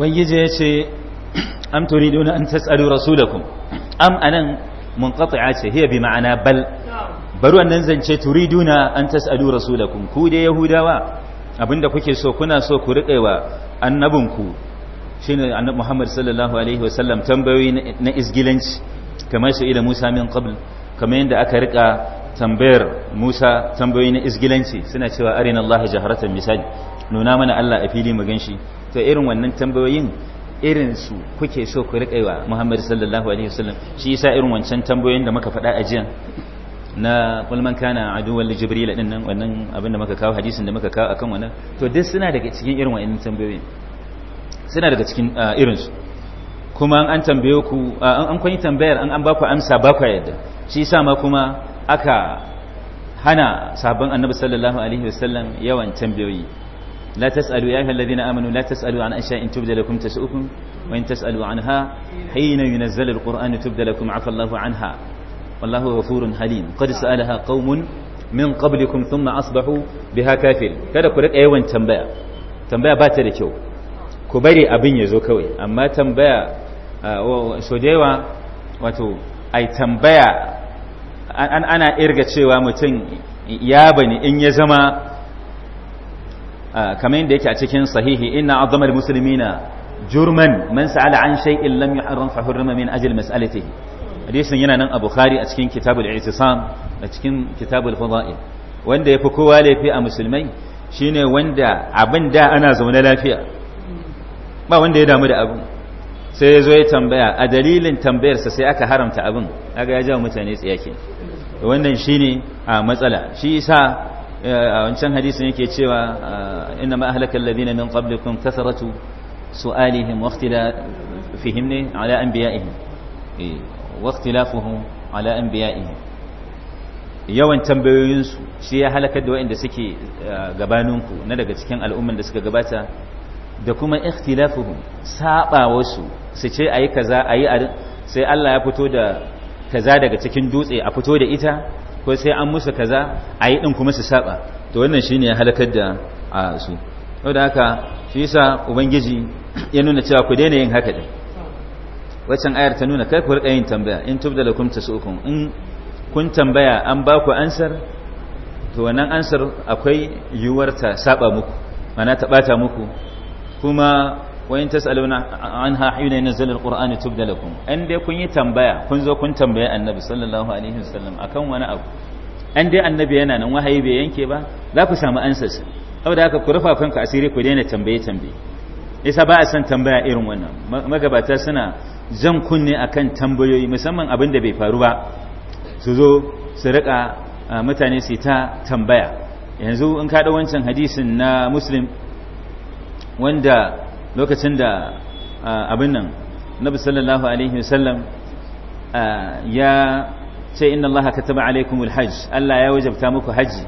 ubangiji ya ce am turiduna an tas'alu rasulakum am anan munqati'a ce hiya bi ma'ana bal bari wannan zance turiduna an tas'alu rasulakum ku dai yahudawa abinda kuke so kuna so ku riƙewa annabinku shine annabi Muhammad sallallahu alaihi wa sallam tambayoyi na isgilanci kamar su ila Musa min qabl kamar yadda aka rika tambayar Musa tambayoyi na isgilanci suna cewa arina Allah jaharatan misali nuna mana Allah a fili mu ganshi to irin wannan tambayoyin irin su kuke so ku riƙe wa Muhammad sallallahu alaihi wasallam shi yasa irin wancan tambayoyin da muka faɗa a jiya na kulman kana aduwwal jibril din nan wannan abin da muka kawo hadisin da muka kawo akan wannan to duk suna daga cikin irin wannan tambayoyin suna daga cikin ah, irin su kuma an tambaye ku ah, an kun tambayar an an ba ku amsa ba ku yadda shi yasa ma kuma aka hana sabon annabi sallallahu alaihi wasallam yawan tambayoyi لا تسألوا يا أيها الذين آمنوا لا تسألوا عن أشياء إن تبدى لكم تسؤكم وإن تسألوا عنها حين ينزل القرآن تبدى لكم عفى الله عنها والله غفور حليم قد سألها قوم من قبلكم ثم أصبحوا بها كافر kada ku rika yawan tambaya tambaya ba ta da kyau ku bari abin ya zo kawai amma tambaya so da yawa wato ai tambaya ana irga cewa mutum ya bane in ya zama Ah, kamar inda yake a cikin sahihi inna azamar muslimina jurman man sa'ala an shay'in lam yuharram fa hurrima min aji mas'alatihi hadisin yana nan a bukhari a cikin kitabul i'tisam a cikin kitabul fada'il wanda yafi kowa laifi a musulmai shine wanda abin da ana zaune lafiya ba wanda ya damu da abin sai ya ya tambaya a dalilin tambayarsa sai aka haramta abin kaga ya jawo mutane tsiyake wannan shine a ah, matsala shi yasa Eh, a wancan hadisin yake cewa ah, inna ma ahlakal ladina min qablikum kathratu su'alihim wa ikhtilafihim ala anbiya'ihim eh, wa ikhtilafuhum ala anbiya'ihim yawan tambayoyinsu shi ya halakar da wanda suke eh, gabaninku na daga cikin al'umman da suka gabata da kuma ikhtilafuhum saba wasu su ce ayi kaza ayi sai Allah ya fito da kaza daga cikin dutse a fito da ita ko sai an musu kaza a yi ɗin kuma su saba to wannan shi ne halakar da a su da haka shi sa ubangiji ya nuna cewa ku daina yin haka ɗin waccan ayar ta nuna kai ku riƙa yin tambaya in tub ta lakum ukun in kun tambaya an ba ku ansar to wannan ansar akwai yiwuwar ta saba muku mana ta bata muku kuma wayin tasaluna anha hina yanzal alqur'ani tubda lakum an dai kun yi tambaya kun zo kun tambaye annabi sallallahu alaihi wasallam akan wani abu an dai annabi yana nan wahayi bai yanke ba za ku samu ansar sa saboda haka ku rufa kanka asiri ku daina tambaye tambaye yasa ba a san tambaya irin wannan magabata suna jan kunne akan tambayoyi musamman abin da bai faru ba su zo su rika mutane su ta tambaya yanzu in da wancan hadisin na muslim wanda lokacin da abin nan na sallallahu alaihi wasallam ya ce inna allaha taba alaikumul hajj Allah ya wajabta muku haji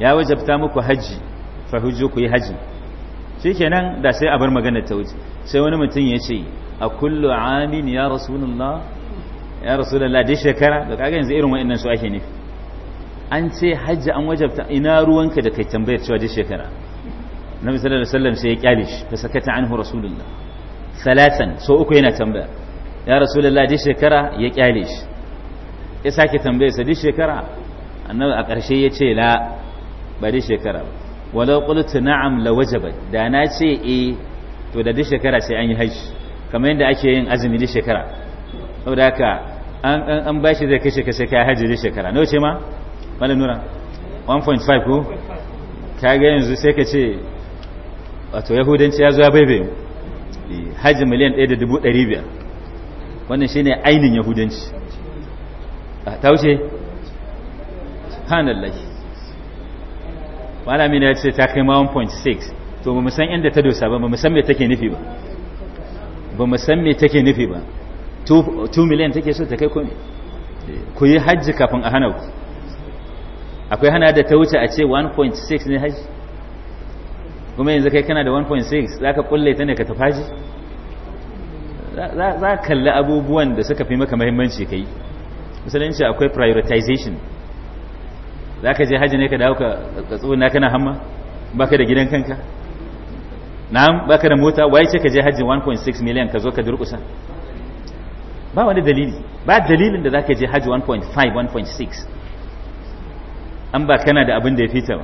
ya wajabta muku haji fahujo ku yi haji nan da sai a bar magana ta wuce sai wani mutum ya ce a kullu amin ya rasulullah ya rasulullah dai shekara da kaga yanzu irin wa'annan su ake nufi an ce hajji an wajabta ina ruwanka da kai tambayar cewa dai shekara annabi sallallahu alaihi wasallam sai ya kyale shi fa sakata anhu rasulullah salatan so uku yana tambaya ya rasulullah duk shekara ya kyale shi ya sake tambaya sa duk shekara annabi a ƙarshe ya ce la ba duk shekara ba walau qultu na'am la wajabat da na ce eh to da duk shekara sai an yi hajji kamar yadda ake yin azumi duk shekara saboda haka an an an bashi zai kashe kashe kai hajji duk shekara nawa ce ma malam nura 1.5 ko kaga yanzu sai ka ce wato yahudanci ya zo ya baibe mu eh, hajji miliyan 1,500 wannan shi ne ainihin yahudanci ah, ta wuce hannun malami na ce ta kai ma 1.6 to ba musan san inda ta dosa ba ba musan san me take nufi ba ba musan san me take nufi ba 2 miliyan take so ta kai kome eh, ku yi hajji kafin a hana ku akwai hana da ta wuce a ce 1.6 ne hajji kuma yanzu kai kana da 1.6 za ka kulle ta ne ka ji za ka kalli abubuwan da suka fi maka mahimmanci kai musulunci akwai prioritization za ka je hajji ne ka dawo ka tsohon na kana hamma ka da gidan kanka na'am ka da mota wai ce ka je hajji 1.6 miliyan ka zo ka durkusa ba wani dalili ba dalilin da za ka je hajji 1.5 1.6 an ba kana da abin da ya fita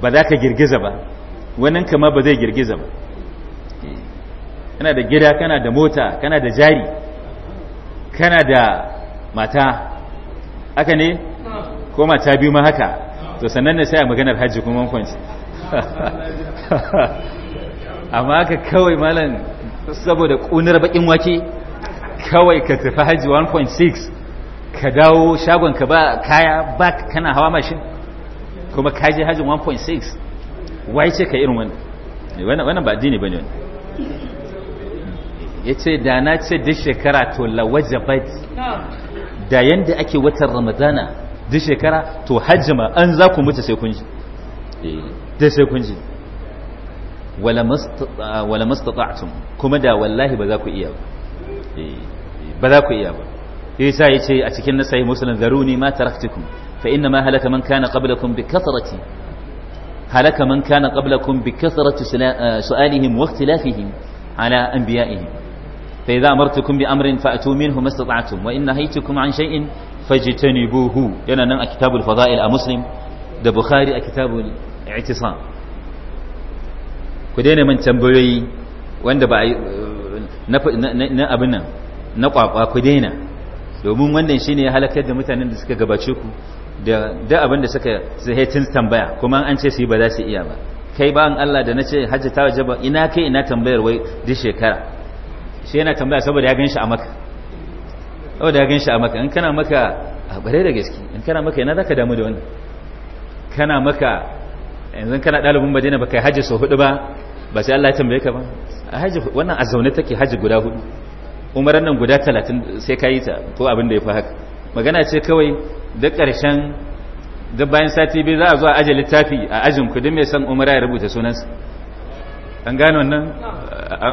ba za ka girgiza ba wannan kama ba zai girgiza ba kana da gida kana da mota kana da jari kana da mata haka ne ko mata biyu ma haka to sannan ne sai a maganar hajji kuma kwanci (laughs) amma haka kawai malam saboda kunar bakin wake kawai ka tafi hajji 1.6 ka dawo shagon ka ba kaya ba kana hawa mashin kuma kaje hajji 1.6 wai ce ka irin wani eh, wannan ba addini bane ya ce da na ce duk shekara to lawajabat da yadda ake watan ramadana duk shekara to hajjima an za ku mutu sai kun ji eh, da sai kun ji wala mastata'tum kuma da wallahi ba za ku iya ba eh, ba za ku iya ba yasa ce a cikin nasahi muslim zaruni ma taraktukum fa inna ma halaka man kana qablakum bi kasarati. halaka man kana qablakum bi kasrati eh, su'alihim wa ikhtilafihim ala anbiya'ihim fa idza amartukum bi amrin fa'tu minhu mastata'tum wa in nahaytukum an shay'in fajtanibuhu yana nan a kitabul fada'il a muslim da bukhari a kitabul i'tisam ku daina man tambayoyi wanda ba eh, na abin nan na kwakwa ku daina domin wannan shine ya halakar da mutanen da suka gabace ku da da abin da suka sai tambaya kuma an ce su yi ba za su iya ba kai ba an Allah da nace hajji ta wajaba ina kai ina tambayar wai duk shekara shi yana tambaya saboda ya ganshi a maka saboda ya ganshi a maka in kana maka a bare da gaske in kana maka ina zaka damu da wannan kana maka yanzu kana dalibin Madina baka yi hajji so hudu ba ba sai Allah ya tambaye ka ba a hajji wannan a zaune take hajji guda hudu umaran nan guda 30 sai ka yi ta ko abin da ya fi haka magana ce kawai da ƙarshen da bayan sati biyu za a zuwa aje littafi a ajin kudin mai san umara ya rubuta sunansa an gano wannan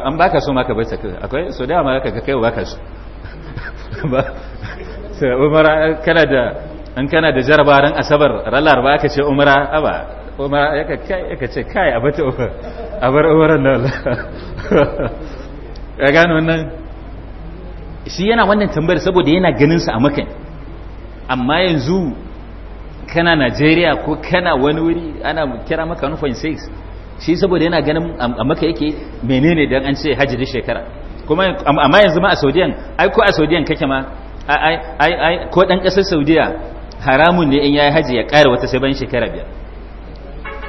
an baka so maka bai akwai so da ma ka kai baka so (laughs) ba umara kana da an kana da jarabaran asabar ralar ba aka ce umara aba umara yaka ce kai a bata umar a bar umaran nan ya (laughs) gano wannan shi yana wannan tambayar saboda yana ganin sa a makan amma yanzu kana Najeriya ko kana wani wuri ana kira maka 1.6 shi saboda yana ganin a maka yake menene don an ce hajji da shekara kuma amma yanzu ma a Saudiyan ai ko a Saudiyan kake ma ai ai ai ko dan kasar Saudiya haramun ne in ya yi haji ya ƙara wata sai ban shekara biyar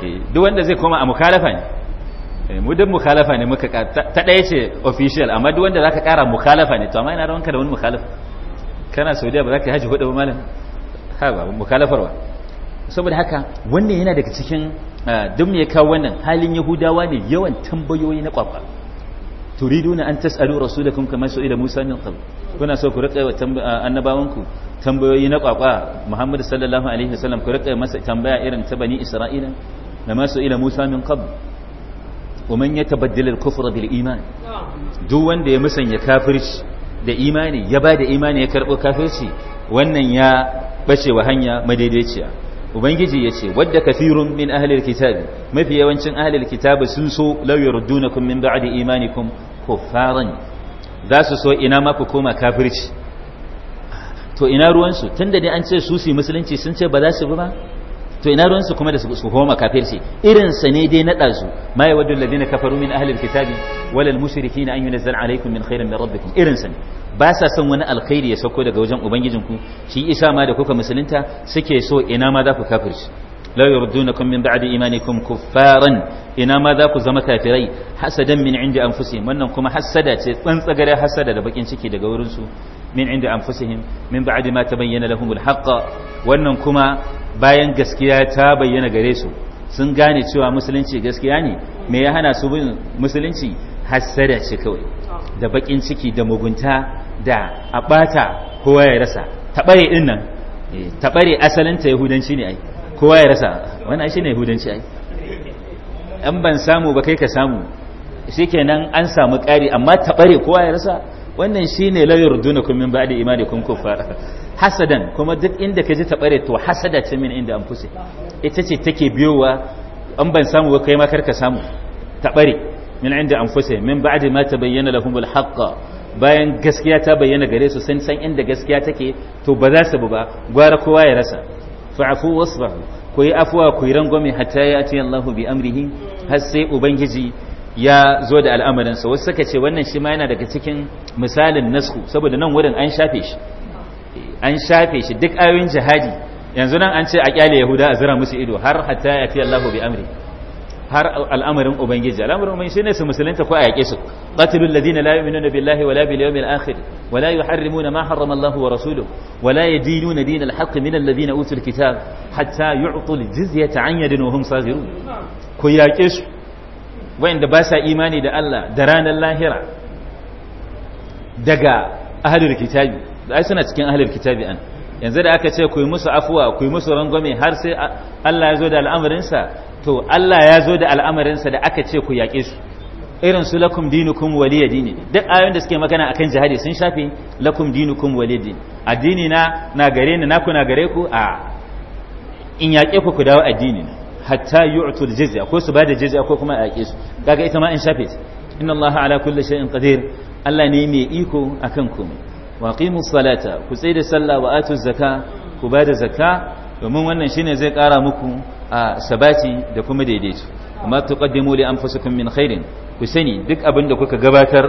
eh, duk wanda zai koma a mukhalafa ne eh, mu duk mukhalafa ne muka ta ɗaya ce official amma duk wanda ka ƙara mukhalafa ne to amma yana rawanka da wani mukhalafa kana saudiya ba za ka yi haji hudu ba malam ha ba mukalafarwa saboda haka wannan yana daga cikin ah, duk me ya kawo wannan halin yahudawa ne yawan tambayoyi na kwakwa turiduna an da rasulakum kama su'ila musa min qabl kuna so ku rika ah, annabawanku tambayoyi na kwakwa Muhammadu sallallahu alaihi wasallam ku rika masa tambaya irin ta bani isra'ila da masu ila musa min qabl ومن يتبدل الكفر بالإيمان دو وند يمسن يكافرش da imani ya ba da imani ya karɓo kafirci wannan ya bace wa hanya madaidaiciya ubangiji ya ce wadda kafirun min ahlil kitabi mafi yawancin ahlil kitabi sun so law yurdunakum min ba'di imanikum kuffaran za su so ina ma ku koma kafirci to ina ruwansu tunda dai an ce su su musulunci sun ce ba za su bi ba to ina ruwansu kuma da su koma kafirci irin sa ne dai na dazu ma ya waddu alladhina kafaru min ahli alkitabi wal mushrikin an yunzal alaykum min khairin min rabbikum irin ne ba sa son wani alkhairi ya sauko daga wajen ubangijinku shi isa ma da kuka musulunta suke so ina ma za ku kafirci لا يردونكم من بعد إيمانكم كفارا إنا ما ذاك زما كافري حسدا من عند أنفسهم وأنهم كما حسدا تنصقر حسدا لبكين شكي دقورنسو من عند أنفسهم من بعد ما تبين لهم الحق wannan kuma. bayan gaskiya ta bayyana gare su sun gane cewa musulunci gaskiya ne me ya hana su bin musulunci hassada ce kawai da bakin ciki da mugunta da a bata kowa ya rasa tabare din nan tabare eh, asalin ta yahudanci ne ai kowa ya rasa wannan shi ne yahudanci ai an ban samu ba kai ka samu shikenan an samu ƙari amma tabare kowa ya rasa wannan shine la yurdunakum min ba'di imanikum kuffara hasadan kuma duk inda ji taɓare to hasada ce min inda an fuse ita ce take biyowa an ban samu ba kai ma karka samu taɓare min inda an fuse min ba'di ma bayyana lahumul haqqa bayan gaskiya ta bayyana gare su san san inda gaskiya take to ba za su bu ba gwara kowa ya rasa fa'afu ba ku yi afuwa ku yi rangwame hatta ya ce Allahu bi amrihi har sai ubangiji ya zo da al'amarinsa wasu suka ce wannan shi ma yana daga cikin misalin nasku saboda nan wurin an shafe shi eh, an shafe shi duk ayoyin jihadi yanzu nan an ce a kyale yahuda a zira musu ido har hatta ya fi allahu bi amri har al'amarin ubangiji al'amarin ubangiji shine su musulunta ko a yaƙe su qatilul ladina la yu'minuna billahi wala bil yawmil akhir wala yuharrimuna ma harrama Allah wa rasuluhu wala yadinuna dinal haqq min alladhina utul kitab hatta yu'tu al jizyata an yadin wa hum saghirun ko yaƙe su wayanda ba sa imani da Allah da ranar lahira daga ahlul kitabi da ai suna cikin ahlul kitabi an yanzu da aka ce ku yi musu afuwa ku yi musu rangwame har sai Allah ya zo da al'amarinsa to Allah ya zo da al'amarinsa da aka ce ku yaƙe su irin su lakum dinukum waliya dini duk ayoyin da suke magana akan jihadi sun shafe lakum dinukum waliya dini addini na na gare ni naku na gare ku a in yaƙe ku ku dawo addini na hatta yu'tu al-jizya akwai su bada jizya akwai kuma a su kaga ita ma in shafe inna allah ala kulli shay'in qadir Allah ne mai iko akan komai wa qimus salata ku tsaye da sallah wa atu zakka ku bada zakka domin wannan shine zai kara muku a sabati da kuma daidaito amma tuqaddimu li anfusikum min khairin ku sani duk abin da kuka gabatar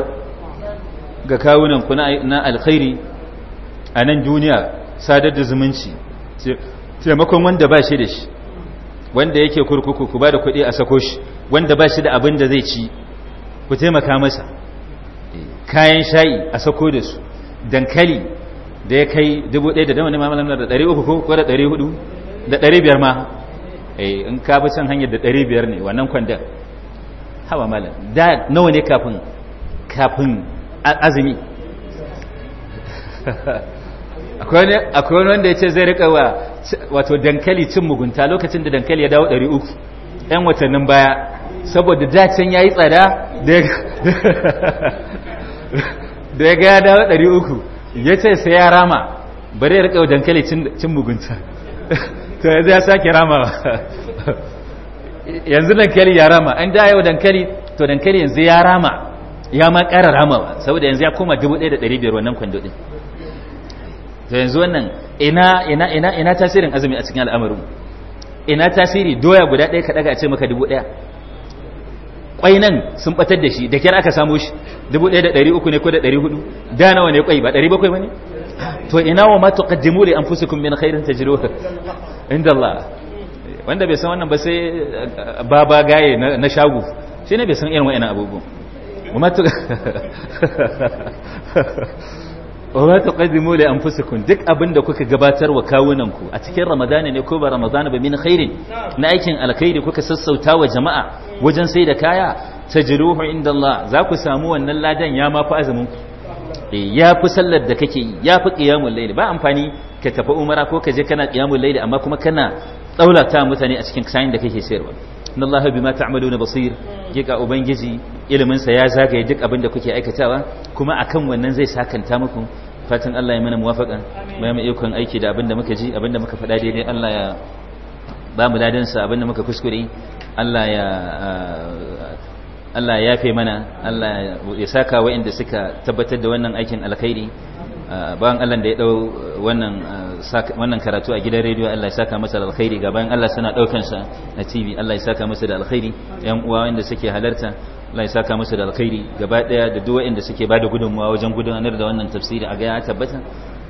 ga kawunan ku na alkhairi a nan duniya sadar da zumunci taimakon wanda ba shi da shi wanda yake kurkuku ku ba da kuɗi a sako shi wanda ba shi da abin da zai ci ku taimaka masa kayan shayi a sako da su dankali da ya kai uku ko da hudu da biyar ma eh, in ka bi can hanyar da biyar ne wannan kwandon hawa malam da nawa ne kafin kafin azumi (laughs) akwai wani wanda ya ce zai rika wa wato dankali cin mugunta lokacin da dankali ya dawo 300 'yan watannin baya saboda dacen ya yi tsada da ya gaya (laughs) dawo 300 ya ce sai ya rama bari ya rika wa dankali cin mugunta (laughs) to yanzu ya sake rama (laughs) yanzu dankali ya rama an da yau dankali to dankali yanzu ya rama ya ma ƙara rama saboda yanzu ya koma 1,500 wannan kwando ɗin to yanzu wannan ina ina ina ina tasirin azumi a cikin al'amarin ina tasiri doya guda ɗaya ka daga a ce maka dubu ɗaya kwai nan sun batar da shi da kyar aka samu shi dubu ɗaya da ɗari uku ne ko da ɗari hudu da nawa ne kwai ba ɗari bakwai ba ne to ina wa ma tuqaddimu li anfusikum min khairin jiro inda Allah wanda bai san wannan ba sai eh, baba gaye na shagu shi ne bai san irin wa'ina abubuwan (laughs) wa ba ta qaddimu li anfusikum duk abin da kuka gabatar wa kawunanku a cikin ramadana ne ko ba ramadana ba min khairin na aikin alkhairi kuka sassauta wa jama'a wajen sai da kaya tajruhu inda Allah za ku samu wannan ladan ya ma azumin ku ya fi sallar da kake yi ya fi qiyamul layl ba amfani ka tafi umara ko ka je kana qiyamul layl amma kuma kana tsaulata mutane a cikin kayan da kake sayarwa inna allaha bima ta'maluna basir kika ubangiji ilimin sa ya zagaye duk abin da kuke aikatawa kuma akan wannan zai sakanta muku fatan Allah ya mana muwafaka mai ikon aiki da abin da muka ji abin da muka faɗa daidai Allah ya ba mu ladan sa abin da muka kuskure Allah ya ah, Allah ya yafe mana Allah ya saka wa'anda suka tabbatar da wannan aikin alkhairi ah, bayan Allah da ya dau wannan ah, wannan karatu a gidan rediyo Allah ya saka masa da alkhairi gaban Allah suna daukan sa na TV Allah ya saka masa da alkhairi yan uwa wanda suke halarta Allah ya saka musu da alkhairi gaba daya da duk waɗanda suke bada gudunmawa wajen gudanar da wannan tafsiri a ga ya tabbata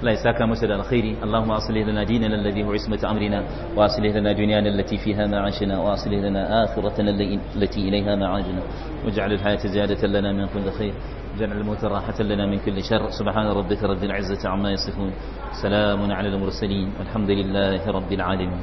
الله يساك مسد الخير اللهم أصلح لنا ديننا الذي هو عصمة أمرنا وأصلح لنا دنيانا التي فيها معاشنا وأصلح لنا آخرتنا التي إليها معاشنا واجعل الحياة زيادة لنا من كل خير واجعل الموت راحة لنا من كل شر سبحان ربك رب العزة عما يصفون سلام على المرسلين والحمد لله رب العالمين